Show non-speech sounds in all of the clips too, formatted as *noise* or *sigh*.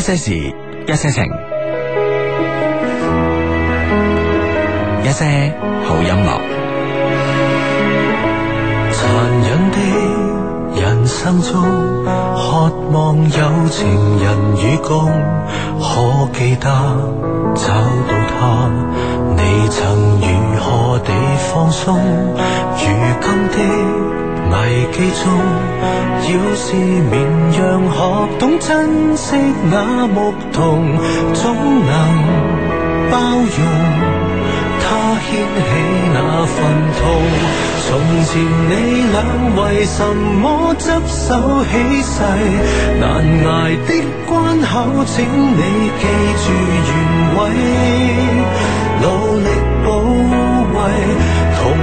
一些事，一些情，一些好音樂。殘忍的人生中，渴望有情人與共，可記得找到他？你曾如何地放鬆？如今的。危機中，要是綿羊學懂珍惜那牧童，總能包容他牽起那份痛，從前你倆為什麼執手起誓？難捱的關口，請你記住原委，努力保衛。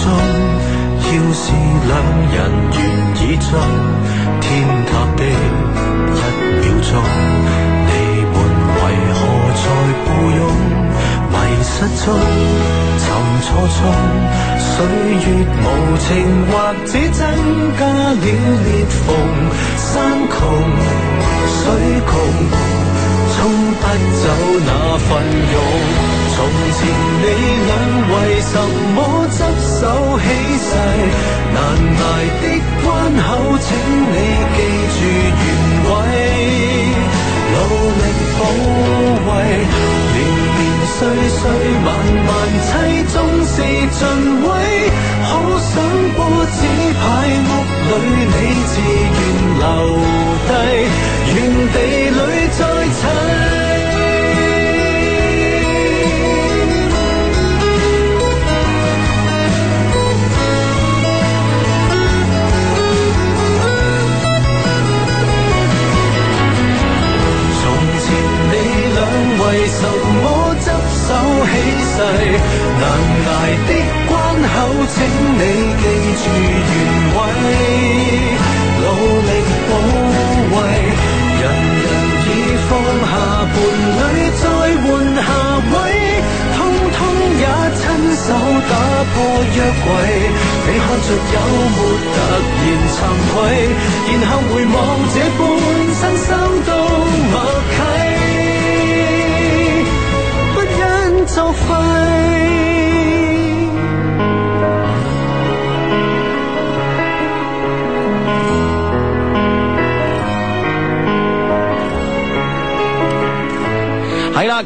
中，要是兩人願意做，天塌的一秒鐘，你們為何在抱擁？迷失中，尋錯中，歲月無情，或者增加了裂縫。山窮水窮，衝不走那份勇。從前你倆為什麼執手起誓？難捱的關口，請你記住原委。努力保衛，年年歲歲，萬萬妻，終是盡毀。好想過此牌屋裏，你自願留低，原地裏再砌。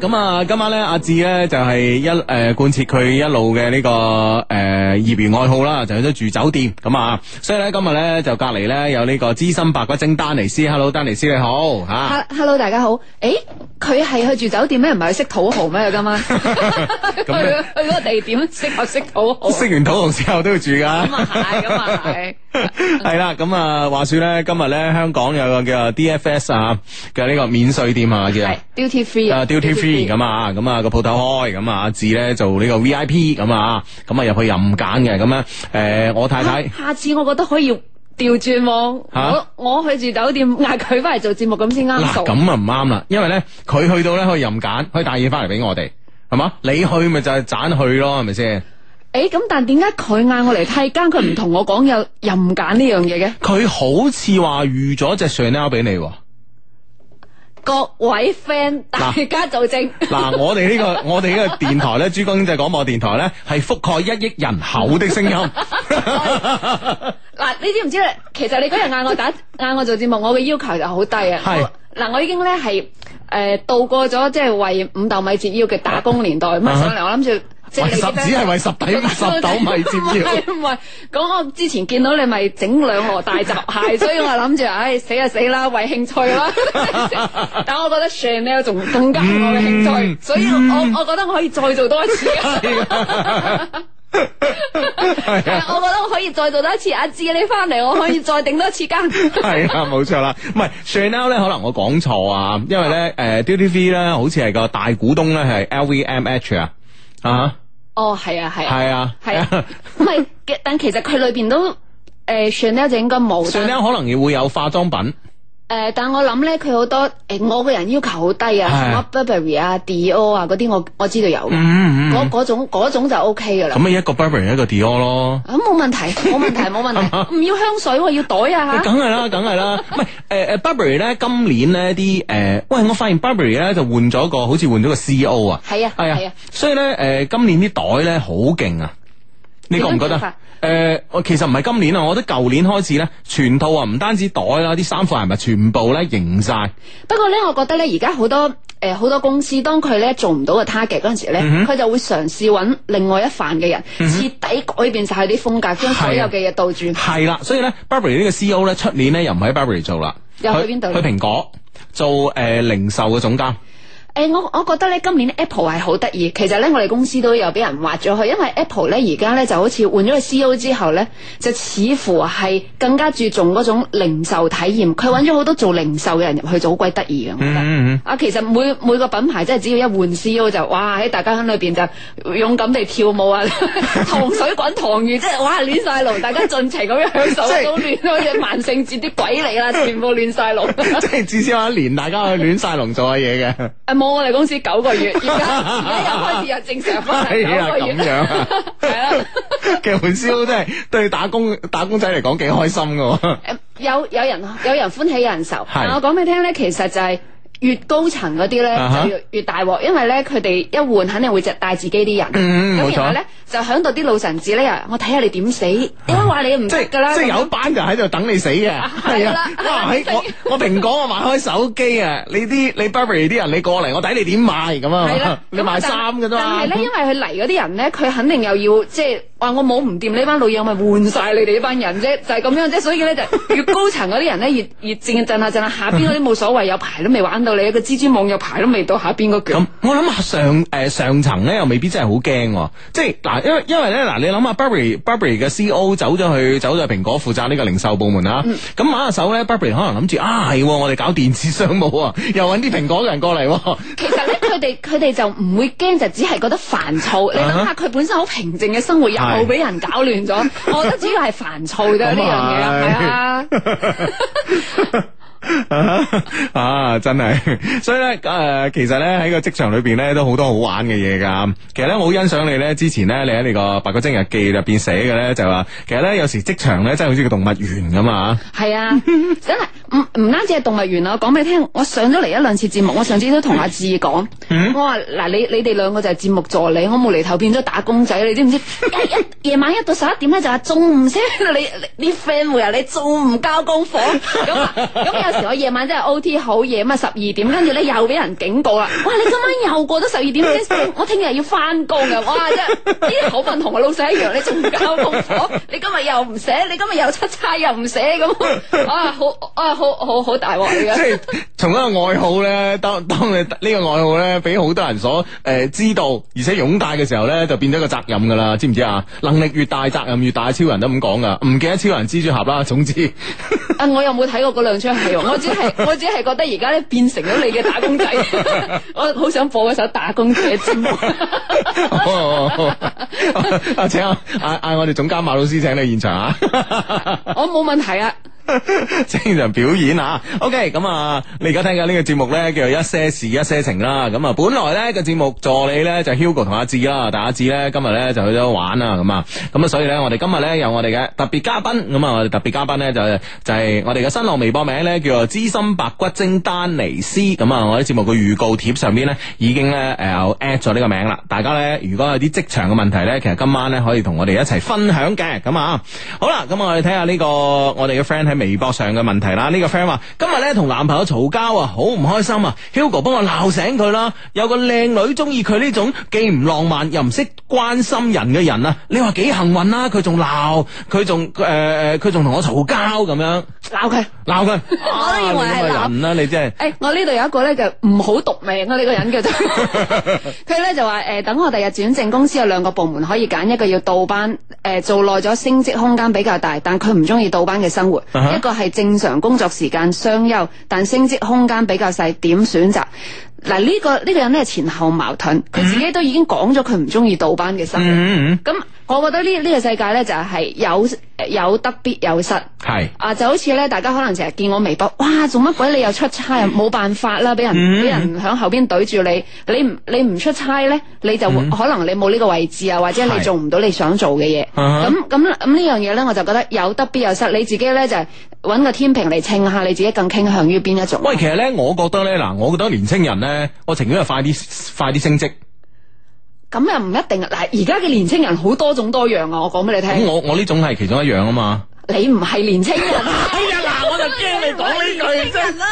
咁啊，今晚咧，阿志咧就係、是、一誒貫徹佢一路嘅呢、這個誒。呃業餘愛好啦，就去咗住酒店咁啊，所以咧今日咧就隔籬咧有呢個資深白骨精丹尼斯，Hello 丹尼斯你好吓，Hello 大家好，誒、欸，佢係去住酒店咩？唔係去識土豪咩？今晚？咁去嗰個地點識學識土豪，識完土豪之後都要住噶，咁啊係，咁啊係，係啦、嗯，咁啊，話說咧今日咧香港有個叫 DFS 啊嘅呢個免稅店啊叫，Duty Free 啊 Duty Free 咁啊，咁啊個鋪頭開，咁啊阿志咧做呢個 VIP 咁啊，咁啊入去任。揀嘅咁咧，誒、呃，我太太、啊，下次我覺得可以調轉喎，啊、我我去住酒店，嗌佢翻嚟做節目咁先啱數。嗱，咁啊唔啱啦，因為咧佢去到咧可以任揀，可以帶嘢翻嚟俾我哋，係嘛，你去咪就係斬去咯，係咪先？誒、欸，咁但係點解佢嗌我嚟替更，佢唔同我講有任揀呢樣嘢嘅？佢 *laughs* 好似話預咗隻 sneaker 俾你。各位 friend，大家做證。嗱、啊啊，我哋呢、這個我哋呢個電台咧，珠江經濟廣播電台咧，係覆蓋一億人口的聲音。嗱、 *laughs* *laughs* 啊，你知唔知咧，其實你嗰日嗌我打嗌 *laughs* 我做節目，我嘅要求就好低是啊。係嗱，我已經咧係誒度過咗即係為五斗米折腰嘅打工年代。咁 *laughs* 上嚟我諗住。十只係為十底十斗米接唔係。咁我之前見到你咪整兩盒大閘蟹， *laughs* 所以我諗住，唉、哎，死就死啦，為興趣啦、啊。 *laughs* 但我覺得 Chanel 仲更加我嘅興趣，嗯、所以我、嗯、我，我覺得我可以再做多一次。係我覺得我可以再做多一次。阿、啊、志你翻嚟，我可以再頂多次間係 *laughs* 啊，冇錯啦。唔係 Chanel 可能我講錯啊，因為咧，誒，D T V 咧，好似係個大股東咧，係 L V M H 啊，啊。哦，係啊、oh, *laughs* 係啊，係啊，係啊，唔係，但其實佢裏邊都誒、呃、，Chanel 就應該冇，Chanel 可能亦會有化妝品。誒、呃，但係我諗咧，佢好多誒，我個人要求好低啊，什麼 Burberry 啊、Dior 啊嗰啲，我我知道有，嗰嗰、嗯嗯嗯、種種就 O K 噶啦。咁咪一個 Burberry，一個 Dior 咯。啊，冇問題，冇問題，冇問題，唔 *laughs* 要香水喎、啊，要袋啊。梗係啦，梗係啦，喂誒誒、呃、，Burberry 咧今年呢啲誒、呃，喂，我發現 Burberry 咧就換咗個，好似換咗個 C E O 啊。係啊，係啊，所以咧誒、呃，今年啲袋咧好勁啊，你覺唔覺得？誒、呃，其實唔係今年啊，我覺得舊年開始咧，全套啊，唔單止袋啦，啲衫褲係咪全部咧型晒？不過咧，我覺得咧，而家好多誒，好、呃、多公司當佢咧做唔到個 target 嗰陣時咧，佢、嗯、哼就會嘗試揾另外一範嘅人，徹、嗯、哼底改變晒啲風格，將所有嘅嘢倒轉。係啦、啊 *laughs* 啊，所以咧，Burberry 呢個 CEO 咧出年咧又唔喺 Burberry 做啦，又去邊度？去蘋果做誒、呃、零售嘅總監。誒、欸，我我覺得咧，今年 Apple 係好得意。其實咧，我哋公司都有俾人挖咗佢，因為 Apple 咧而家咧就好似換咗個 C.O 之後咧，就似乎係更加注重嗰種零售體驗。佢揾咗好多做零售嘅人入去，就好鬼得意嘅。嗯嗯啊、嗯，其實每每個品牌真係只要一換 C.O 就哇，喺大家喺裡邊就勇敢地跳舞啊，糖 *laughs* 水滾糖魚，即係 *laughs* 哇亂晒龍，龍哇龍大家盡情咁樣喺手中亂好似萬聖節啲鬼嚟啦，全部亂晒龍。以 *laughs* 即係至少一年，大家去亂晒龍做下嘢嘅。哦、我哋公司九個月而家而家又開始又正常翻九咁樣，係啦，其實本消真係對打工打工仔嚟講幾開心噶 *laughs* ，有有人有人歡喜有人愁， *laughs* 的我講俾你聽咧，其實就係、是。越高層嗰啲咧，就越越大鑊，因為咧佢哋一換，肯定會著帶自己啲人。咁 *coughs* 然後咧，就響度啲老臣子咧，我睇下你點死。我話 *coughs* 你唔識㗎啦，麼即係有班人喺度等你死嘅，係、嗯、的啊。喺的 *laughs* 我我蘋果我賣開手機啊，你啲你 Burberry 啲人你過嚟，我睇你點賣咁啊？係啊，你賣衫㗎咋。但係咧，因為佢嚟嗰啲人咧，佢肯定又要即係。話我冇唔掂，呢班老友咪換晒你哋呢班人啫，就係、是、咁樣啫。所以咧，就越高層嗰啲人咧，越越戰陣下陣下，下邊嗰啲冇所謂，有排都未玩到你。個蜘蛛網有排都未到下邊個腳。咁我諗下上誒、呃、上層咧，又未必真係好驚、哦，即係嗱，因為因為咧嗱，你諗下 Burberry Burberry 嘅 C E O 走咗去，走咗去蘋果負責呢個零售部門、嗯、啊。咁玩下手咧，Burberry 可能諗住啊，係我哋搞電子商務啊、哦，又搵啲蘋果嘅人過嚟、哦。其實咧，佢哋佢哋就唔會驚，就只係覺得煩躁。 *laughs* 你諗下，佢本身好平靜嘅生活 *laughs* 冇俾人搞亂咗，我覺得主要係煩躁啫，呢樣嘢係啊。 *laughs* 啊，啊！真係， *laughs* 所以咧誒、呃，其實咧喺個職場裏邊咧都好多好玩嘅嘢噶。其實咧我好欣賞你咧，之前咧你喺呢個《白骨精日記》入邊寫嘅咧就話、是，其實咧有時職場咧真係好似個動物園咁 *laughs* 啊。係啊，真係唔唔單止係動物園啊！我講俾你聽，我上咗嚟一兩次節目，我上次都同阿志講， *laughs* 嗯、我話嗱你你哋兩個就係節目助理，我冇厘頭變咗打工仔，你知唔知？夜晚一到十一點咧就話中午先你啲 friend 回來，你仲唔交功課咁咁我夜晚真係 O T 好夜，啊，十二點，跟住咧又俾人警告啦！哇，你今晚又過咗十二點， *laughs* 我聽日要翻工嘅，哇！真係啲口吻同我老細一樣，你仲搞木火？你今日又唔寫，你今日又出差又唔寫咁，啊好啊好好好大鑊嚟嘅。從一 *laughs* 個愛好咧，當當你呢個愛好咧俾好多人所誒、呃、知道，而且擁戴嘅時候咧，就變咗個責任噶啦，知唔知啊？能力越大，責任越大，超人都咁講噶，唔記得超人蜘蛛俠啦。總之 *laughs* *laughs* 啊，啊我又冇睇過嗰兩齣戲。 *laughs* 我只係我只係覺得而家咧變成咗你嘅打工仔， *laughs* 我好想播一首打工仔嘅節目。哦， *laughs* *laughs* 阿請阿阿我哋總監馬老師請你現場啊！ *laughs* *laughs* 我冇問題啊。 *laughs* 正常表演啊，OK，咁啊，okay, 嗯、你而家聽緊呢個節目咧，叫做一些事一些情啦。咁啊、嗯，本來咧、這個節目助理咧就係、Hugo 同阿志啦，但阿志咧今日咧就去咗玩啦，咁啊，咁啊、嗯，所以咧我哋今日咧有我哋嘅特別嘉賓，咁啊，啊，我哋特別嘉賓咧就就是、係我哋嘅新浪微博名咧叫做知心白骨精丹尼斯，咁啊，啊，我啲節目嘅預告貼上邊咧已經咧誒 at 咗呢、呃、個名啦。大家咧如果有啲職場嘅問題咧，其實今晚咧可以同我哋一齊分享嘅，咁啊，啊，好啦，咁我哋睇下呢個我哋嘅 friend。嗯嗯嗯嗯嗯嗯嗯嗯微博上嘅問題啦，這個、呢個 friend 話今日咧同男朋友嘈交啊，好唔開心啊，Hugo 幫我鬧醒佢啦。有個靚女中意佢呢種既唔浪漫又唔識關心人嘅人啊，你話幾幸運啦？佢仲鬧，佢仲誒誒，佢仲同我嘈交咁樣鬧佢，鬧佢，我都認為係鬧啦。你真係誒，我呢度有一個咧就唔好讀名啊，呢、這個人叫做佢咧 *laughs* *laughs* 就話誒、呃，等我第日轉正，公司有兩個部門可以揀，一個要倒班，誒、呃、做耐咗升職空間比較大，但佢唔中意倒班嘅生活。一個係正常工作時間雙休，但升職空間比較細，點選擇？嗱呢、這個呢、這個人咧，前後矛盾，佢自己都已經講咗佢唔中意倒班嘅生活。咁、嗯嗯嗯嗯、我覺得呢呢個世界咧就係有有得必有失。係是啊就好似咧，大家可能成日見我微博，哇做乜鬼你又出差啊？冇、嗯嗯、辦法啦，俾人俾、嗯嗯、人喺後邊懟住你。你唔你唔出差咧，你就、嗯、可能你冇呢個位置啊，或者你做唔到你想做嘅嘢。咁咁咁呢樣嘢咧，我就覺得有得必有失。你自己咧就係。揾個天平嚟稱下你自己更傾向於邊一種？喂，其實咧，我覺得咧，嗱，我覺得年青人咧，我情願快啲，快啲升職。咁又唔一定。嗱，而家嘅年青人好多種多樣啊！我講俾你聽。咁我我呢種係其中一樣啊嘛。你唔係年青人啊！嗱、 *laughs* *laughs* 哎呀，我就驚你講呢句，真 *laughs* 啦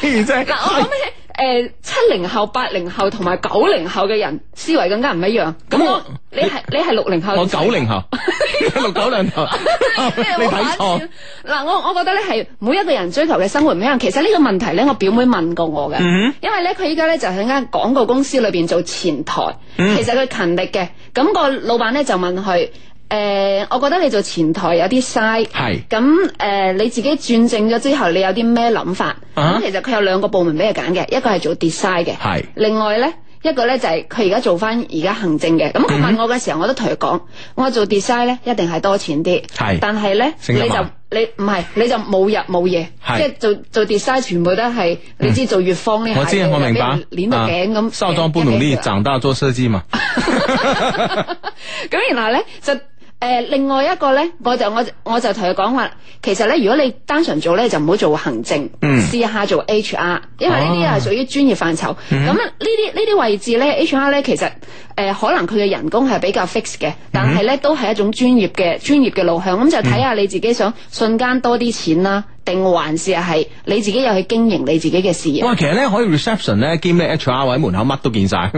且。哎，真。嗱，我講咩？誒、呃，七零後、八零後同埋九零後嘅人思維更加唔一樣。咁、啊、我你係是你係六零後，我九零後， *laughs* 六九兩後。啊、 *laughs* 你睇看錯。嗱，我我覺得咧係每一個人追求嘅生活唔一樣。其實呢個問題咧，我表妹問過我嘅，mm hmm. 因為咧佢依家咧就喺、是、間廣告公司裏邊做前台，mm hmm. 其實佢勤力嘅，咁、那個老闆咧就問佢。誒，我覺得你做前台有啲嘥。係。咁誒，你自己轉正咗之後，你有啲咩諗法？啊。咁其實佢有兩個部門俾你揀嘅，一個係做 design 嘅。係。另外咧，一個咧就係佢而家做翻而家行政嘅。咁。佢問我嘅時候，我都同佢講，我做 design 咧，一定係多錢啲。係。但係咧，你就你唔係你就冇日冇夜，即係做做 design 全部都係你知做乙方呢。我知我明白。捻到頸咁。少壯不努力，長大做設計嘛。咁然後咧就。誒、呃，另外一個咧，我就我我就同佢講話，其實咧，如果你單純做咧，就唔好做行政，試、嗯、下做 HR，因為呢啲係屬於專業範疇。咁呢啲呢啲位置咧，HR 咧，其實誒、呃，可能佢嘅人工係比較 fix 嘅，但係咧、嗯、都係一種專業嘅專業嘅路向。咁就睇下你自己想瞬間多啲錢啦。嗯嗯定還是係你自己又去經營你自己嘅事業。哇，其實咧，可以 reception 咧兼你 HR 喺門口乜都見晒。啊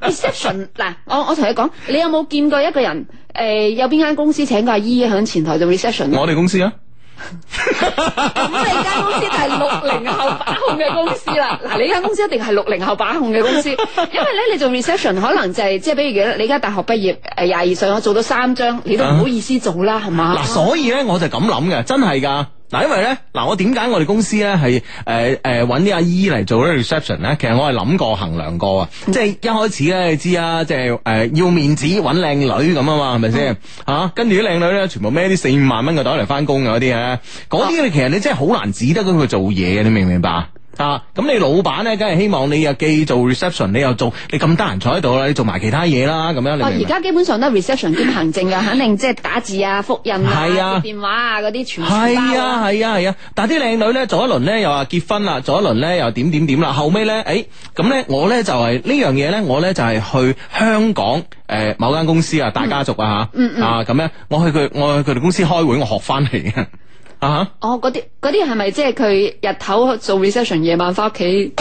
，reception 嗱，我我同你講，你有冇見過一個人誒、呃？有邊間公司請個阿姨響前台做 reception？我哋公司啊。咁 *laughs* 你間公司就係六零後把控嘅公司啦，嗱你間公司一定係六零後把控嘅公司，因為咧你做 reception 可能就係即係，比如你而家大學畢業誒廿二歲，我做到三張，你都唔好意思做啦，係嘛、啊？嗱吧、啊，所以咧我就咁諗嘅，真係噶。嗱，因為咧，嗱，我點解我哋公司咧係誒誒揾啲阿姨嚟做呢個 reception 咧？其實我係諗過衡量過啊，嗯、即係一開始咧，你知啊，即係誒、呃、要面子揾靚女咁、嗯、啊嘛，係咪先？吓，跟住啲靚女咧，全部孭啲四五萬蚊嘅袋嚟翻工嘅嗰啲啊，嗰啲你其實你真係好難指得咁佢做嘢啊，你明唔明白？啊！咁你老闆咧，梗係希望你又既做 reception，你又做，你咁得閒坐喺度啦，你做埋其他嘢啦，咁樣你。哦，而家基本上都係，reception 兼行政噶 *laughs* 肯定即係打字啊、複印啊、啊接電話啊嗰啲全。係啊係啊係啊，啊，啊！但係啲靚女咧，做一輪咧又話結婚啦，做一輪咧又點點點啦，後尾咧，誒、哎，咁咧我咧就係、是、呢樣嘢咧，我咧就係、是、去香港誒、呃、某間公司啊，大家族啊吓，嗯嗯嗯、啊咁樣，我去佢我去佢哋公司開會，我學翻嚟。啊！Uh huh. 哦，嗰啲嗰啲係咪即係佢日頭做 recession 夜晚翻屋企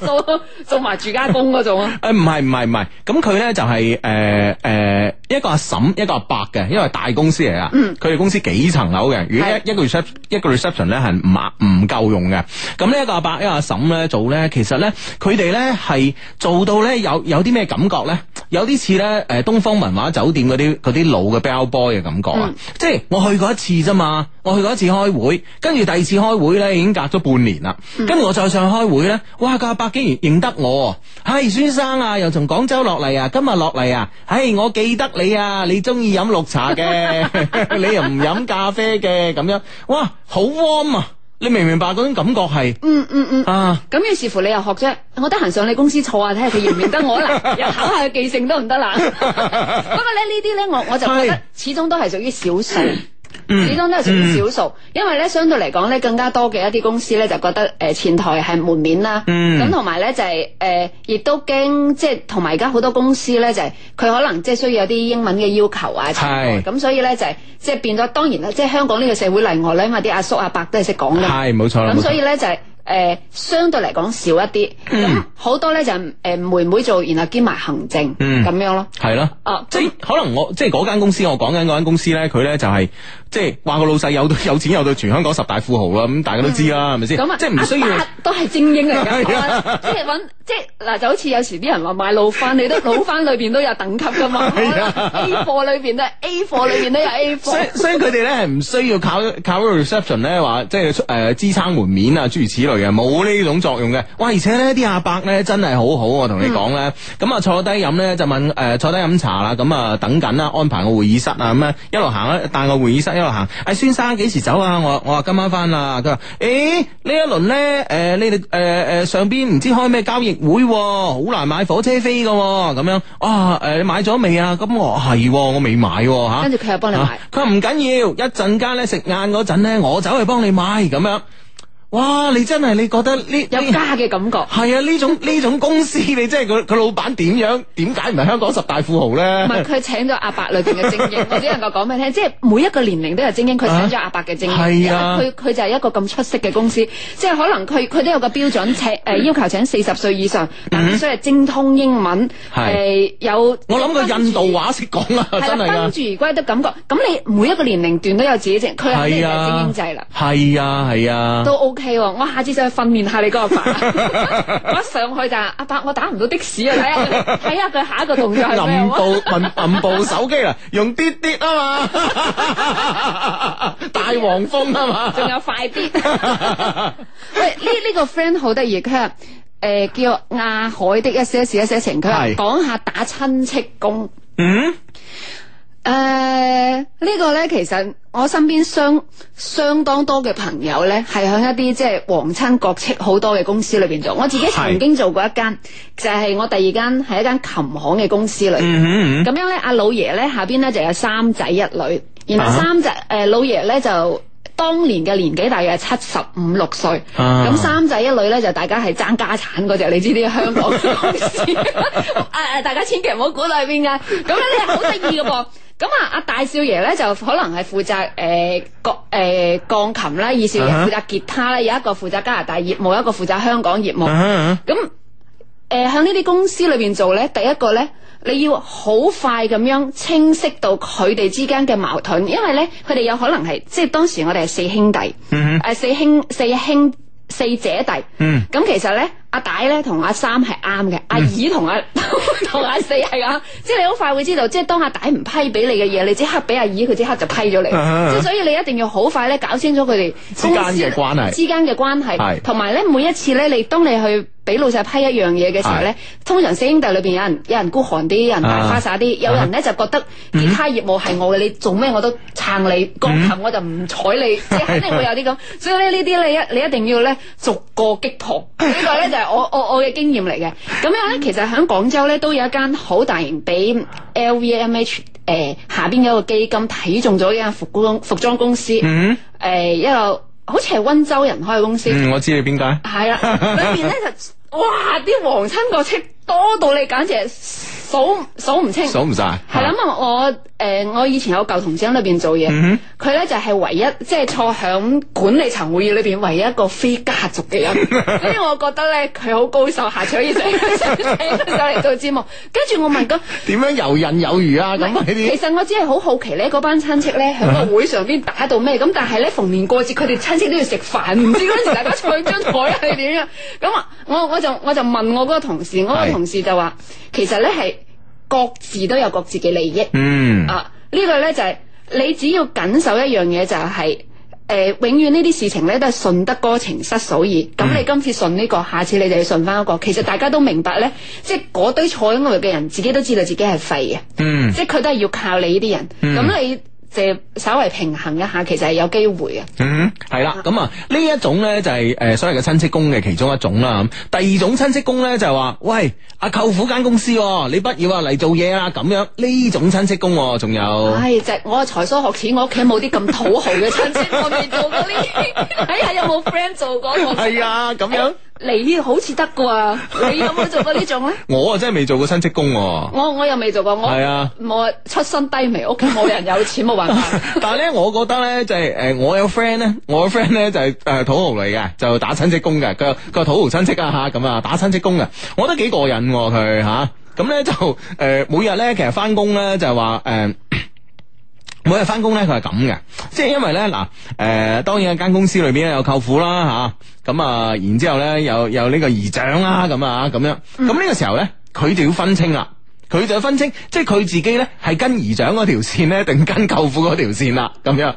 做做埋住家工嗰種啊？誒、 *laughs* 呃，唔係唔係唔係，咁佢咧就係誒誒。呃呃一個阿嬸，一個阿伯嘅，因為大公司嚟啊，佢哋公司幾層樓嘅，如果一一個 reception，一個 reception 咧係唔唔夠用嘅。咁呢一個阿伯，一個阿嬸咧做咧，其實咧，佢哋咧係做到咧有有啲咩感覺咧？有啲似咧，誒，東方文華酒店嗰啲嗰啲老嘅 bell boy 嘅感覺啊！嗯、即係我去過一次啫嘛，我去過一次開會，跟住第二次開會咧已經隔咗半年啦，跟住、嗯、我再上去開會咧，哇！個阿伯竟然認得我，係、哎、孫生啊，又從廣州落嚟啊，今日落嚟啊，唉、哎，我記得。你啊，你中意飲綠茶嘅。 *laughs* *laughs* 你又唔飲咖啡嘅，咁樣，哇，好 warm 啊！你明唔明白嗰種感覺係、嗯？嗯嗯嗯啊！咁要視乎你又學啫，我得閒上你公司坐下睇下佢認唔認得我啦， *laughs* 又考下佢記性都唔得啦。 *laughs* *laughs* 不過咧呢啲咧，我我就覺得始終都係屬於小事。是 *laughs* 始終都係屬於少數，嗯、因為咧相對嚟講咧，更加多嘅一啲公司咧就覺得誒前台係門面啦，咁同埋咧就係誒亦都驚即係同埋而家好多公司咧就係、是、佢可能即係需要有啲英文嘅要求啊，咁是所以咧就係即係變咗，當然啦，即、就、係、是、香港呢個社會例外咧，因為啲阿叔阿伯都係識講嘅，係冇錯啦，咁所以咧錯就係、是。誒，相對嚟講少一啲，咁好多咧就係誒妹妹做，然後兼埋行政，咁樣咯，係啦，哦，即係可能我即係嗰間公司，我講緊嗰間公司咧，佢咧就係即係話個老細有到有錢有到全香港十大富豪啦，咁大家都知啦，係咪先？咁啊，即係唔需要都係精英嚟噶，即係搵即係嗱，就好似有時啲人話買老翻，你都老翻裏邊都有等級噶嘛，A 貨裏邊都係 A 貨裏邊都有 A 貨，所以佢哋咧係唔需要靠靠 reception 咧話即係誒支撐門面啊，諸如此類。冇呢種作用嘅，哇！而且呢啲阿伯咧真係好好，我同你講咧，咁啊、嗯、坐低飲咧就問誒、呃、坐低飲茶啦，咁、嗯、啊等緊啦，安排個會議室啊咁樣，一路行啊帶個會議室一路行，阿、哎、先生幾時走啊？我我話今晚翻啦，佢話誒呢一輪咧誒你哋誒誒上邊唔知開咩交易會、啊，好難買火車飛噶咁樣啊誒、呃、你買咗未啊？咁我係我未買吓、啊，啊、跟住佢又幫你買，佢話唔緊要，一陣間咧食晏嗰陣咧，我走去幫你買咁樣。哇！你真係，你覺得呢有家嘅感覺係啊？呢種呢種公司你真係，佢個老闆點樣？點解唔係香港十大富豪咧？唔係佢請咗阿伯裏邊嘅精英，我只能夠講俾你聽，即係每一個年齡都有精英，佢請咗阿伯嘅精英。係啊，佢佢就係一個咁出色嘅公司，即係可能佢佢都有個標準，請誒要求請四十歲以上，必須係精通英文，係有我諗個印度話識講啦，真係。跟住而家都感覺，咁你每一個年齡段都有自己正，佢係呢精英制啦。係啊，係啊，都我下次就去訓練下你個阿爸，爸， *laughs* 爸，爸。我一上去就阿伯，我打唔到的士啊！睇下佢，睇下佢下一個動作揞 *laughs* 部揞部手機啊，用滴滴啊嘛， *laughs* 大黃蜂啊嘛，仲 *laughs* 有快啲。 *laughs* *laughs* 喂，呢、呢、呢個 friend 好得意，佢係、呃、叫亞海的一些事一些情，佢講是下打親戚工嗯。誒，啊，這個、呢個咧，其實我身邊相相當多嘅朋友咧，係喺一啲即係皇親國戚好多嘅公司裏邊做。我自己曾經做過一間，是就係我第二間係一間琴行嘅公司裏邊。咁 *music* 樣咧，阿老爺咧下邊咧就有三仔一女，然後三仔誒、啊、老爺咧就當年嘅年紀大約係七十五六歲。咁、啊、三仔一女咧就大家係爭家產嗰隻，你知啲香港公司。誒誒，大家千祈唔好估到係邊家。咁樣你係好得意嘅噃。 *laughs* *music* 咁啊！阿大少爺咧就可能係負責誒鋼誒鋼琴啦，二少爺負責吉他啦；有、uh huh. 一個負責加拿大業務，一個負責香港業務。咁誒、uh，喺呢啲公司裏邊做咧，第一個咧，你要好快咁樣清晰到佢哋之間嘅矛盾，因為咧佢哋有可能係即係當時我哋係四兄弟誒、uh huh.，四兄四兄四姐弟。咁、uh huh. 其實咧。阿大咧同阿三係啱嘅，阿二同阿同阿四係啊，即係你好快會知道，即係當阿大唔批俾你嘅嘢，你即刻俾阿二，佢即刻就批咗你。即係所以你一定要好快咧搞清楚佢哋之間嘅關係，之間嘅關係，同埋咧每一次咧，你當你去俾老細批一樣嘢嘅時候咧，通常四兄弟裏邊有人有人孤寒啲，有人大花灑啲，有人咧就覺得其他業務係我嘅，你做咩我都撐你，鋼琴我就唔睬你，即係肯定會有啲咁，所以咧呢啲你一你一定要咧逐個擊破呢個咧就。誒，我我我嘅經驗嚟嘅，咁樣咧，其實喺廣州咧都有一間好大型 H,、呃，俾 LVMH 誒下邊一個基金睇中咗一間服古裝服裝公司，誒、嗯哼呃、一個好似係溫州人開嘅公司。嗯，我知你邊間。係啦、啊，裏邊咧就哇啲皇親國戚多到你簡直數數唔清，數唔晒。係啦、啊，問我。誒、呃，我以前有舊同事喺裏邊做嘢，佢咧、嗯、哼就係、是、唯一即係、就是、坐響管理層會議裏邊唯一一個非家族嘅人， *laughs* 所以我覺得咧佢好高手，下次可以請佢上嚟做節目。跟住我問佢點樣游刃有餘啊？咁問 些其實我只係好好奇咧，嗰班親戚咧喺個會上邊打到咩？咁 *laughs* 但係咧逢年過節佢哋親戚都要食飯，唔 *laughs* 知嗰時大家上張台係點嘅？咁啊， *laughs* *laughs* *laughs* 我我就我就問我嗰個同事，我、那個同事就話，其實咧係。各自都有各自嘅利益，嗯、啊，呢、這個呢，就係、是、你只要謹守一樣嘢就係、是，誒、呃，永遠呢啲事情呢都係順得哥情失嫂意，咁你今次順呢、這個，下次你就要順翻一個，其實大家都明白呢，即係嗰堆坐喺度嘅人自己都知道自己係廢嘅，嗯、即係佢都係要靠你呢啲人，咁、嗯、你。借稍微平衡一下，其實係有機會、嗯、啊。嗯，係啦，咁啊呢一種咧就係、是、誒、呃、所謂嘅親戚工嘅其中一種啦、啊。第二種親戚工咧就係、是、話，喂阿、啊、舅父間公司，你不要啊嚟做嘢啊，咁、啊、樣呢種親戚工、啊，仲有係、哎，我才疏學淺，我屋企冇啲咁土豪嘅親戚， *laughs* 我未做過呢啲。哎呀，有冇 friend 做過？係啊，咁樣。哎你好似得啊。你有冇做過種呢種咧、 *laughs* 啊？我啊真係未做過親戚工。我我又未做過。我係啊， *laughs* 我出身低微，屋企冇人有錢，冇辦法。 *laughs* *laughs* 但係咧，我覺得咧就係、是、誒、呃，我有 friend 咧，我個 friend 咧就係、是、誒、呃、土豪嚟嘅，就打親戚工嘅，佢係土豪親戚啊吓，咁啊打親戚工嘅，我覺得幾過癮佢吓。咁咧、啊、就誒、呃，每日咧其實翻工咧就係話誒。呃呃每日翻工咧，佢係咁嘅，即係因為咧嗱，誒、呃，當然一間公司裏邊咧有舅父啦吓，咁啊，啊，然之後咧有有呢個姨丈啦咁啊，咁、啊啊、樣，咁、啊、呢、嗯、個時候咧，佢就要分清啦，佢就要分清，即係佢自己咧係跟姨丈嗰條線咧，定跟舅父嗰條線啦，咁、啊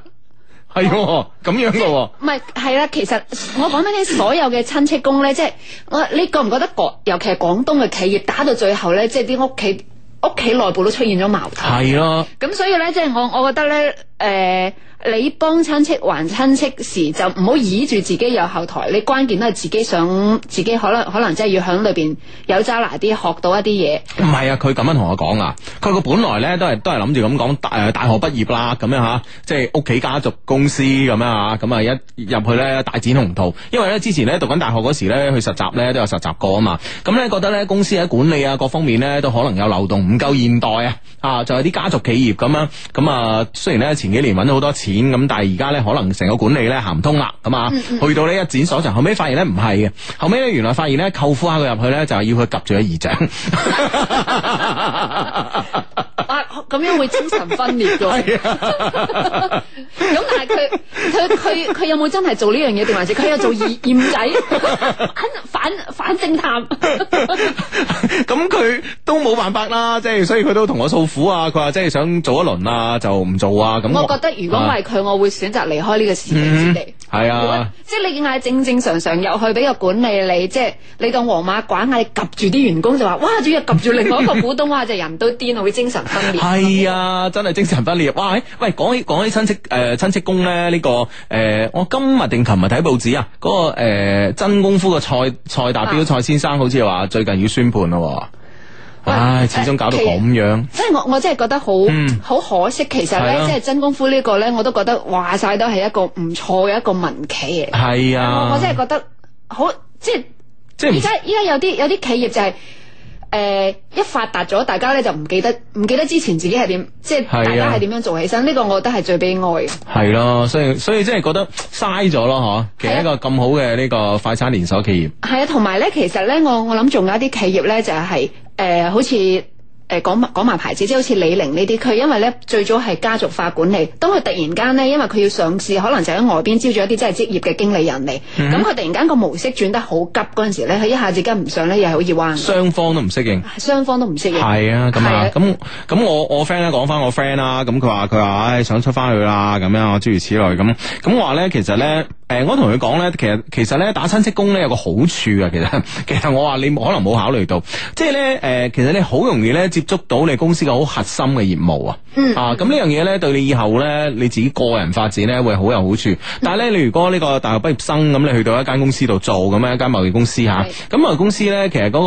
啊、樣，係咁、啊哦、樣嘅、哦，唔係係啦，其實我講得緊啲所有嘅親戚工咧，即係我你覺唔覺得廣，尤其係廣東嘅企業打到最後咧，即係啲屋企。屋企內部都出現咗矛盾，係咯的，咁所以咧，即係我，我覺得咧，誒、呃。你幫親戚還親戚時，就唔好倚住自己有後台，你關鍵都係自己想，自己可能可能真係要響裏邊有揸拿啲學到一啲嘢。唔係啊，佢咁樣同我講啊，佢個本來咧都係都係諗住咁講，大學畢業啦咁樣吓、啊，即係屋企家族公司咁樣啊。咁啊一入去咧大展宏圖。因為咧之前咧讀緊大學嗰時咧去實習咧都有實習過啊嘛，咁咧覺得咧公司喺管理啊各方面咧都可能有漏洞，唔夠現代啊啊，就係啲家族企業咁樣、啊，咁啊雖然咧前幾年揾咗好多錢。咁，但係而家咧可能成個管理咧行唔通啦，咁啊 *laughs* 去到呢一展所場，後尾發現咧唔係嘅，後尾咧原來發現咧，舅父喊佢入去咧，就係、是、要佢及住個姨丈。 *laughs* *laughs* *laughs* 咁 *laughs* 樣會精神分裂噶，咁 *laughs* 但係佢佢佢佢有冇真係做呢樣嘢定還是佢有做二仔 *laughs* 反反反偵探？咁 *laughs* 佢 *laughs* 都冇辦法啦，即係所以佢都同我訴苦啊！佢話即係想做一輪啊，就唔做啊！咁我覺得如果唔係佢，我會選擇離開呢個是非之地。係、嗯、啊，即係、就是、你嗌正正常常入去，俾個管理你，即、就、係、是、你當皇馬館嗌及住啲員工就話，哇！仲要及住另外一個股東，啊，就人都癲，我會精神分裂。係啊、哎，真係精神分裂！哇，喂，喂，講起講起親戚誒，親、呃、戚公咧呢、呢個誒、呃，我今日定琴日睇報紙啊，嗰、嗰個誒、呃、真功夫嘅蔡蔡達標蔡先生，好似話最近要宣判咯，喂唉，始終、呃、搞到咁樣，即係我我真係覺得好好、嗯、可惜，其實咧即係真功夫個呢個咧，我都覺得話晒都係一個唔錯嘅一個民企嚟，係啊我，我真係覺得好即係即係而家而家有啲有啲企業就係、是。誒、呃，一發達咗，大家咧就唔記得，唔記得之前自己係點，即係大家係點樣做起身，呢是、啊、個我覺得係最悲哀嘅。係咯、啊，所以所以真係覺得嘥咗咯，嗬是、啊啊！其實一個咁好嘅呢個快餐連鎖企業。係啊，同埋咧，其實咧，我我諗仲有一啲企業咧，就係、是、誒、呃，好似。誒講埋埋牌子，即係好似李寧呢啲，佢因為咧最早係家族化管理，當佢突然間咧，因為佢要上市，可能就喺外邊招咗一啲即係職業嘅經理人嚟，咁佢、嗯、哼突然間個模式轉得好急嗰陣時咧，佢一下子跟唔上咧，又係好易彎。雙方都唔適應，雙方都唔適應。係啊，咁啊，咁咁，我我 friend 咧講翻我 friend 啦，咁佢話佢話，唉，想出翻去啦，咁樣啊，諸如此類，咁咁話咧，其實咧。嗯誒、呃，我同佢講咧，其實其實咧打親戚工咧有個好處嘅，其實其實我話你可能冇考慮到，即係咧誒，其實你好容易咧接觸到你公司嘅好核心嘅業務、嗯、啊，啊咁呢樣嘢咧對你以後咧你自己個人發展咧會好有好處。但係咧你如果呢個大學畢業生咁，你去到一間公司度做咁樣一間貿易公司吓，咁是啊貿易公司咧其實嗰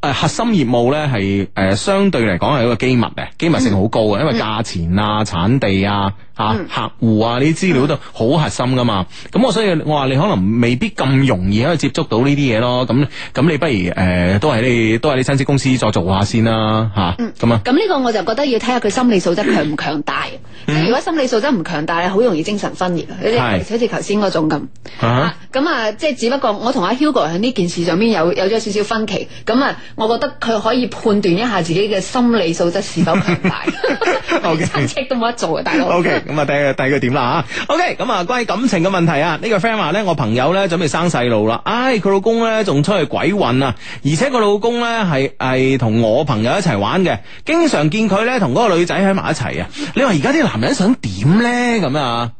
個誒核心業務咧係誒相對嚟講係一個機密嘅，機密性好高嘅，因為價錢啊、產地啊。吓客戶啊！啲資料都好核心噶嘛，咁我所以我話你可能未必咁容易可以接觸到呢啲嘢咯，咁咁你不如誒都係你都係你親戚公司再做下先啦，吓咁啊。咁呢個我就覺得要睇下，佢心理素質強唔強大。如果心理素質唔強大，咧好容易精神分裂，好似好似頭先嗰種咁。吓咁啊，即係只不過我同阿 Hugo 喺呢件事上邊有有咗少少分歧。咁啊，我覺得佢可以判斷一下自己嘅心理素質是否強大。親戚都冇得做啊，大佬。咁、嗯、啊，睇下第二個點啦吓。OK，咁、嗯、啊，關於感情嘅問題啊，這個、呢個 friend 話咧，我朋友咧準備生細路啦，唉、哎，佢老公咧仲出去鬼混啊，而且個老公咧係係同我朋友一齊玩嘅，經常見佢咧同嗰個女仔喺埋一齊啊，你話而家啲男人想點咧咁啊？.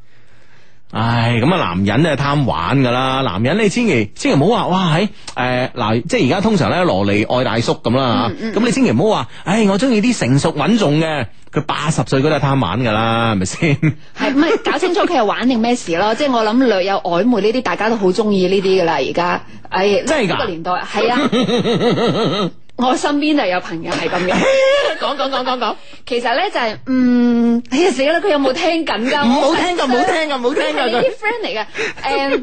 唉，咁啊，男人啊係貪玩噶啦，男人咧千祈千祈唔好話，哇喺誒嗱，即係而家通常咧蘿莉愛大叔咁啦吓，咁、嗯嗯、你千祈唔好話，唉，我中意啲成熟穩重嘅，佢八十歲嗰都係貪玩噶啦，係咪先？係唔係？搞清楚佢係玩定咩事咯？即係 *laughs* 我諗，略有曖昧呢啲，大家都好中意呢啲噶啦，而家，唉，真係噶，呢個年代係啊。 *laughs* *laughs* 我身邊就有朋友係咁嘅，講講講講講。其實咧就係、是，嗯，死、哎、啦！佢有冇聽緊噶？冇 *laughs* 聽過，冇聽過，冇聽過。啲 friend 嚟嘅，誒誒、 *laughs* um,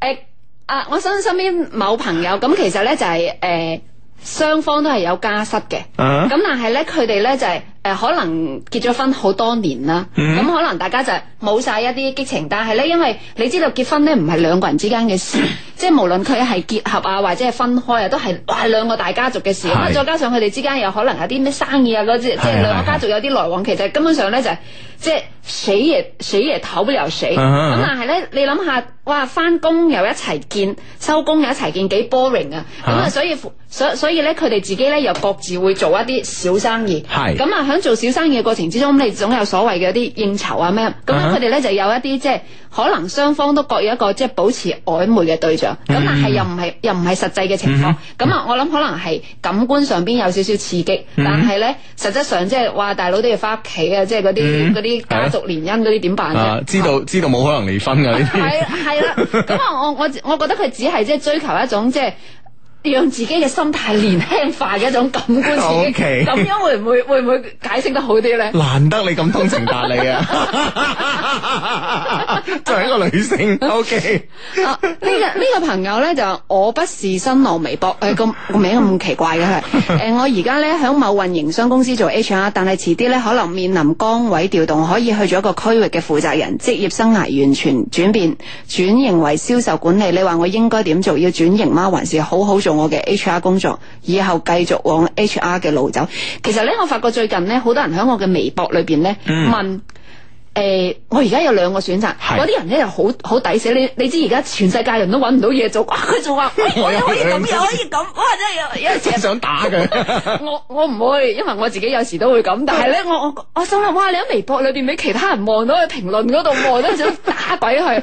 uh, 啊！我想身邊某朋友咁，其實咧就係誒雙方都係有家室嘅，咁、uh huh. 但係咧佢哋咧就係、是。誒，可能結咗婚好多年啦，咁可能大家就冇晒一啲激情。但係咧，因為你知道結婚咧唔係兩個人之間嘅事，即係無論佢係結合啊，或者係分開啊，都係兩個大家族嘅事。係，再加上佢哋之間有可能有啲咩生意啊嗰啲，即係兩個家族有啲來往，其實根本上咧就係即係死爺死爺逃不了死。咁但係咧，你諗下，哇，翻工又一齊見，收工又一齊見，幾 boring 啊！咁啊，所以所所以咧，佢哋自己咧又各自會做一啲小生意。係，咁啊。想做小生意嘅過程之中，你總有所謂嘅啲應酬啊咩咁樣，佢哋咧就有一啲即係可能雙方都各有一個即係保持曖昧嘅對象，咁但係又唔係又唔係實際嘅情況，咁、mm hmm. 啊我諗可能係感官上邊有少少刺激，但係咧實質上即係話大佬都要翻屋企啊，即係嗰啲啲家族聯姻嗰啲點辦啫？知道知道冇可能離婚噶，係係啦，咁啊我我我覺得佢只係即係追求一種即係。啊讓自己嘅心態年輕化嘅一種感官刺激，咁 Okay. 樣會唔會會唔會解釋得好啲咧？難得你咁通情達理啊！作為 *laughs* *laughs* 一個女性，O K。Okay. 啊，呢、這個呢、這個朋友咧就我不是新浪微博，誒個個名咁奇怪嘅係，誒、欸、我而家咧響某運營商公司做 H R，但係遲啲咧可能面臨崗位調動，可以去做一個區域嘅負責人，職業生涯完全轉變，轉型為銷售管理。你話我應該點做？要轉型嗎？還是好好做？我嘅 HR 工作，以後繼續往 HR 嘅路走。其實咧，我發覺最近咧，好多人喺我嘅微博裏邊咧、嗯、問，誒、欸，我而家有兩個選擇。嗰啲是人咧，又好好抵死。你你知而家全世界人都揾唔到嘢做，佢仲話，我可以咁，又、 *laughs* 嗯、可以咁。哇，真係因為成日想打佢。 *laughs* 我我唔會，因為我自己有時都會咁，但係咧，我我我想諗，哇，你喺微博裏邊俾其他人望到，評論嗰度望到想打鬼佢。誒、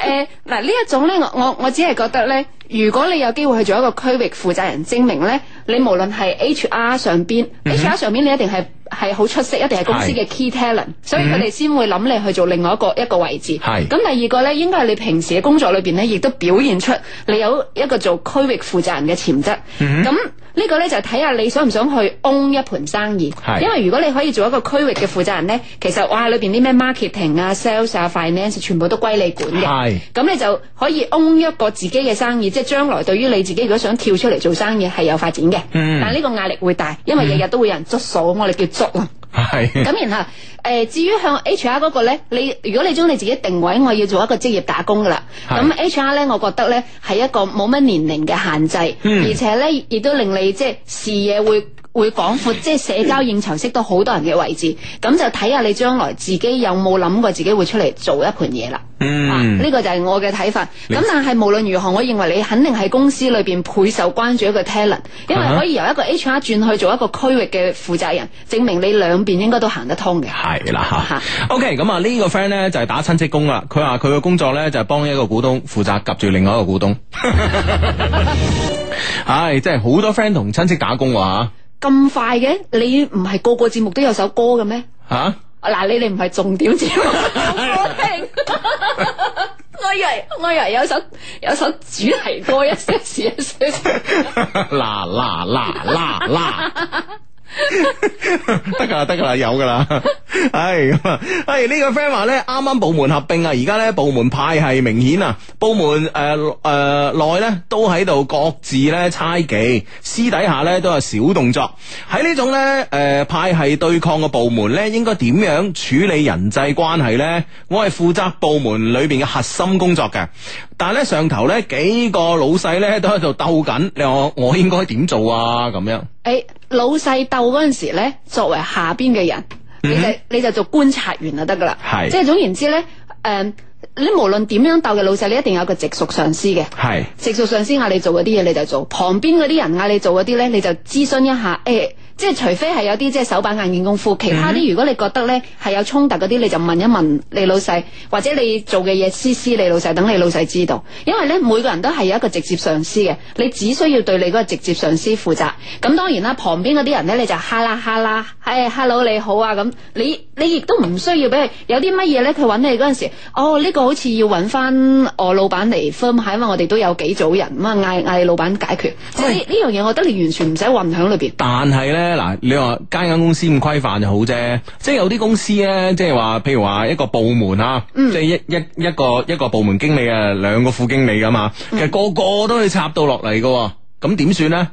欸，嗱呢一種咧，我我我只係覺得咧。如果你有機會去做一個區域負責人證明咧，你無論係 HR 上邊 HR 上邊、mm hmm. 你一定係係好出色，一定係公司嘅 key talent，、mm hmm. 所以佢哋先會諗你去做另外一個一個位置。係咁、mm，hmm. 第二個咧應該係你平時嘅工作裏邊咧，亦都表現出你有一個做區域負責人嘅潛質。咁、mm hmm. 呢個咧就睇、是、下你想唔想去 own 一盤生意。係、mm hmm. 因為如果你可以做一個區域嘅負責人咧，其實哇裏邊啲咩 marketing 啊、sales 啊、finance 全部都歸你管嘅。係咁、mm，hmm. 你就可以 own 一個自己嘅生意。即係將來對於你自己，如果想跳出嚟做生意係有發展嘅，嗯、但係呢個壓力會大，因為日日都會有人捉數，嗯、我哋叫捉啊。係是。咁然後誒、呃，至於向 HR 嗰個咧，你如果你將你自己定位我要做一個職業打工噶啦，咁 HR 咧，我覺得咧係一個冇乜年齡嘅限制，嗯、而且咧亦都令你即係視野會會廣闊，即係社交應酬識到好多人嘅位置，咁就睇下你將來自己有冇諗過自己會出嚟做一盤嘢啦。嗯，呢、啊這個就係我嘅睇法。咁、嗯、但係無論如何，我認為你肯定係公司裏邊備受關注一個 talent，因為可以由一個 HR 轉去做一個區域嘅負責人，證明你兩邊應該都行得通嘅。係啦，OK，咁啊，啊 okay, 個呢個 friend 呢就係、是、打親戚工啦。佢話佢嘅工作呢就係幫一個股東負責夾住另外一個股東。唉、 *laughs* *laughs* 哎，真係好多 friend 同親戚打工啊！咁快嘅，你唔係個個節目都有首歌嘅咩？吓、啊！嗱、啊，你哋唔係重點節目， *laughs* *laughs* 我聽，我以為我以為有首有首主題歌一些事，一些 *laughs* 事，一些 *laughs* 事，啦啦啦啦。得噶啦，得噶啦，有噶啦，唉咁呢個 friend 話咧，啱啱部門合併啊，而家呢，部門派系明顯啊，部門誒誒、呃呃、內咧都喺度各自呢猜忌，私底下呢都有小動作。喺呢種呢誒、呃、派系對抗嘅部門呢，應該點樣處理人際關係呢？我係負責部門裏邊嘅核心工作嘅，但係呢，上頭呢幾個老細呢都喺度鬥緊，你話我我應該點做啊？咁樣誒。哎老細鬥嗰陣時呢，作為下邊嘅人，你就、嗯、哼你就做觀察員就得噶啦。係是，即係總言之呢，誒、呃，你無論點樣鬥嘅老細，你一定有一個直屬上司嘅。係是，直屬上司嗌你做嗰啲嘢你就做，旁邊嗰啲人嗌你做嗰啲呢，你就諮詢一下誒。哎即係除非係有啲即係手板眼見功夫，其他啲如果你覺得呢係有衝突嗰啲，你就問一問你老細，或者你做嘅嘢私私你老細，等你老細知道。因為呢，每個人都係有一個直接上司嘅，你只需要對你嗰個直接上司負責。咁當然啦，旁邊嗰啲人呢，你就哈啦哈啦，誒，hello 你好啊咁。你你亦都唔需要俾佢有啲乜嘢呢？佢揾你嗰陣時，哦呢個好似要揾翻我老闆嚟 confirm，因為我哋都有幾組人，咁啊嗌嗌你老闆解決。呢呢樣嘢，我覺得你完全唔使混響裏邊。但係咧。嗱，你話間間公司唔規範就好啫，即係有啲公司咧，即係話譬如話一個部門啊，嗯、即係一一一個一,一個部門經理啊，兩個副經理噶嘛，其實個個都要插到落嚟噶，咁點算咧？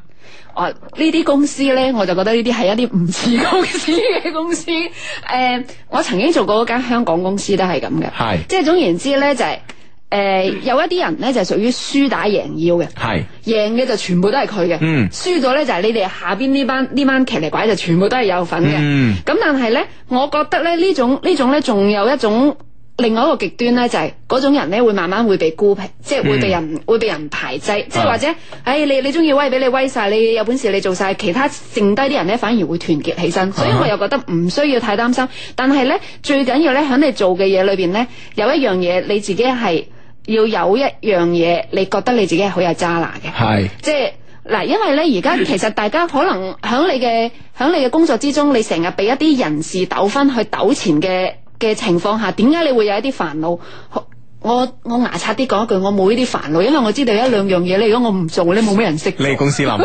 啊，呢啲公司咧，我就覺得呢啲係一啲唔似公司嘅公司。誒、 *laughs* 嗯，我曾經做過一間香港公司都係咁嘅，係是，即係總言之咧就係、是。誒，呃嗯、有一啲人咧就係屬於輸打贏要嘅，係贏嘅就全部都係佢嘅，嗯，輸咗咧就係、是、你哋下邊呢班呢班騎呢鬼，就全部都係有份嘅，咁、嗯、但係咧，我覺得咧呢種，種呢種咧仲有一種另外一個極端咧就係、是、嗰種人咧會慢慢會被孤僻，即係會被人、嗯、會被人排擠，嗯、即係或者誒、哎、你你中意威俾你威晒，你有本事你做晒，其他剩低啲人咧反而會團結起身，所以我又覺得唔需要太擔心，嗯、但係咧最緊要咧喺你做嘅嘢裏邊咧有一樣嘢你自己係。要有一樣嘢，你覺得你自己係好有揸拿嘅，是即係嗱，因為咧而家其實大家可能喺你嘅喺你嘅工作之中，你成日俾一啲人事糾紛去糾纏嘅嘅情況下，點解你會有一啲煩惱？我我牙刷啲講一句，我冇呢啲煩惱，因為我知道有一兩樣嘢，你如果我唔做，你冇咩人識。你公司冧？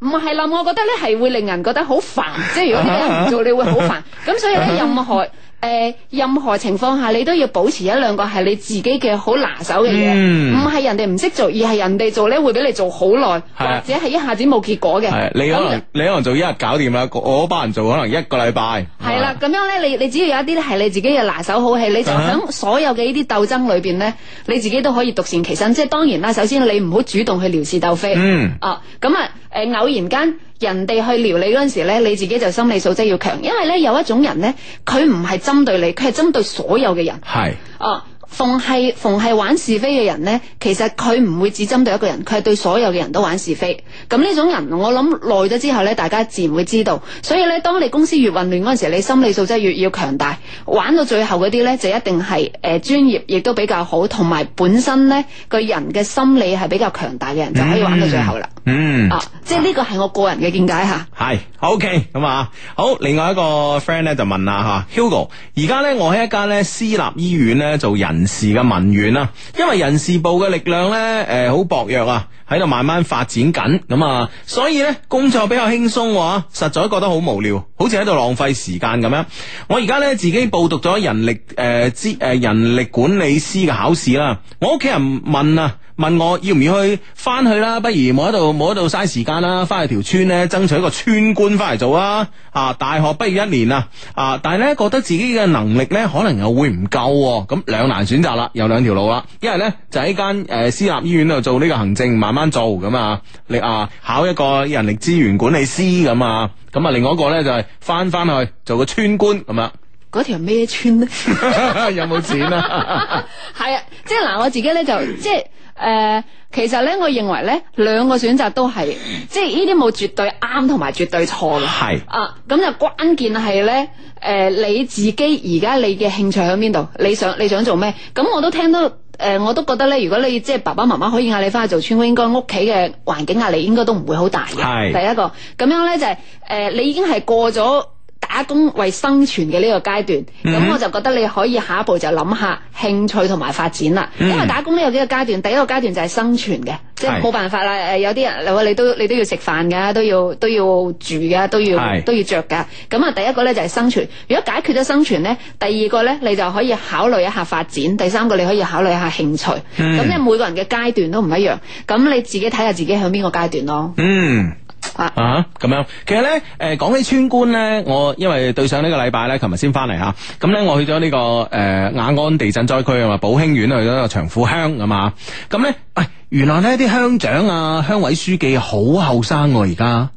唔係冧，我覺得咧係會令人覺得好煩，即係如果你唔做，你會好煩。咁所以咧，任何。誒，uh, 任何情況下你都要保持一兩個係你自己嘅好拿手嘅嘢，唔係、mm. 人哋唔識做，而係人哋做咧會俾你做好耐，啊、或者係一下子冇結果嘅。你可能你可能做一日搞掂啦，我班人做可能一個禮拜。係啦，咁樣咧，你你只要有一啲咧係你自己嘅拿手好戲，啊、你就喺所有嘅呢啲鬥爭裏邊咧，你自己都可以獨善其身。即係當然啦，首先你唔好主動去撩事鬥非。嗯。 *noise* uh, 啊，咁啊，誒，偶然間。人哋去撩你嗰陣時咧，你自己就心理素質要強，因為咧有一種人咧，佢唔係針對你，佢係針對所有嘅人。係是，啊。Oh. 逢係逢係玩是非嘅人咧，其實佢唔會只針對一個人，佢係對所有嘅人都玩是非。咁呢種人，我諗耐咗之後咧，大家自然會知道。所以咧，當你公司越混亂陣時，你心理素質越要強大。玩到最後嗰啲咧，就一定係誒、呃、專業，亦都比較好，同埋本身咧個人嘅心理係比較強大嘅人，嗯、就可以玩到最後啦。嗯，啊，即係呢個係我個人嘅見解吓。係、啊、，OK，咁啊，好。另外一個 friend 咧就問啦吓，Hugo，而家咧我喺一間咧私立醫院咧做人。時嘅文員啊，因為人事部嘅力量咧，誒、呃，好薄弱啊，喺度慢慢發展緊，咁啊，所以咧工作比較輕鬆、啊，實在覺得好無聊，好似喺度浪費時間咁樣。我而家咧自己報讀咗人力誒資誒人力管理師嘅考試啦、啊，我屋企人問啊。問我要唔要去翻去啦？不如冇喺度，冇喺度嘥時間啦！翻去條村咧，爭取一個村官翻嚟做啊！啊，大學畢業一年啊！啊，但係咧覺得自己嘅能力咧，可能又會唔夠，咁、啊、兩難選擇啦，有兩條路啦。一係咧就喺間誒私立醫院度做呢個行政，慢慢做咁啊。你啊考一個人力資源管理師咁啊，咁啊，另外一個咧就係翻翻去做個村官咁樣、啊。嗰條咩村咧？ *laughs* *laughs* 有冇錢啊？係 *laughs* 啊，即係嗱，我自己咧就即係。誒、呃，其實咧，我認為咧，兩個選擇都係，即係呢啲冇絕對啱同埋絕對錯嘅。係是啊，咁就關鍵係咧，誒、呃，你自己而家你嘅興趣喺邊度？你想你想做咩？咁我都聽到，誒、呃，我都覺得咧，如果你即係爸爸媽媽可以嗌你翻去做村官，應該屋企嘅環境壓力應該都唔會好大嘅。係是第一個，咁樣咧就係、是，誒、呃，你已經係過咗。打工為生存嘅呢個階段，咁、嗯、我就覺得你可以下一步就諗下興趣同埋發展啦。嗯、因為打工呢有幾個階段，第一個階段就係生存嘅，是即係冇辦法啦。誒，有啲人你都你都要食飯噶，都要都要住噶，都要是都要着噶。咁啊，第一個呢，就係生存。如果解決咗生存呢，第二個呢，你就可以考慮一下發展，第三個你可以考慮一下興趣。咁即係每個人嘅階段都唔一樣，咁你自己睇下自己喺邊個階段咯。嗯，啊，咁樣，其實呢，誒，講起村官呢，我，因為對上呢個禮拜咧，琴日先翻嚟吓，咁、嗯、咧我去咗呢、這個誒、呃、雅安地震災區啊，話寶興縣去咗個長富鄉啊嘛，咁、嗯、咧，喂、嗯，原來呢啲鄉長啊、鄉委書記好後生個而家，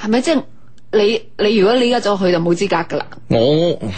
係咪即係你？你如果你依家再去就冇資格噶啦，我。 *laughs* *laughs*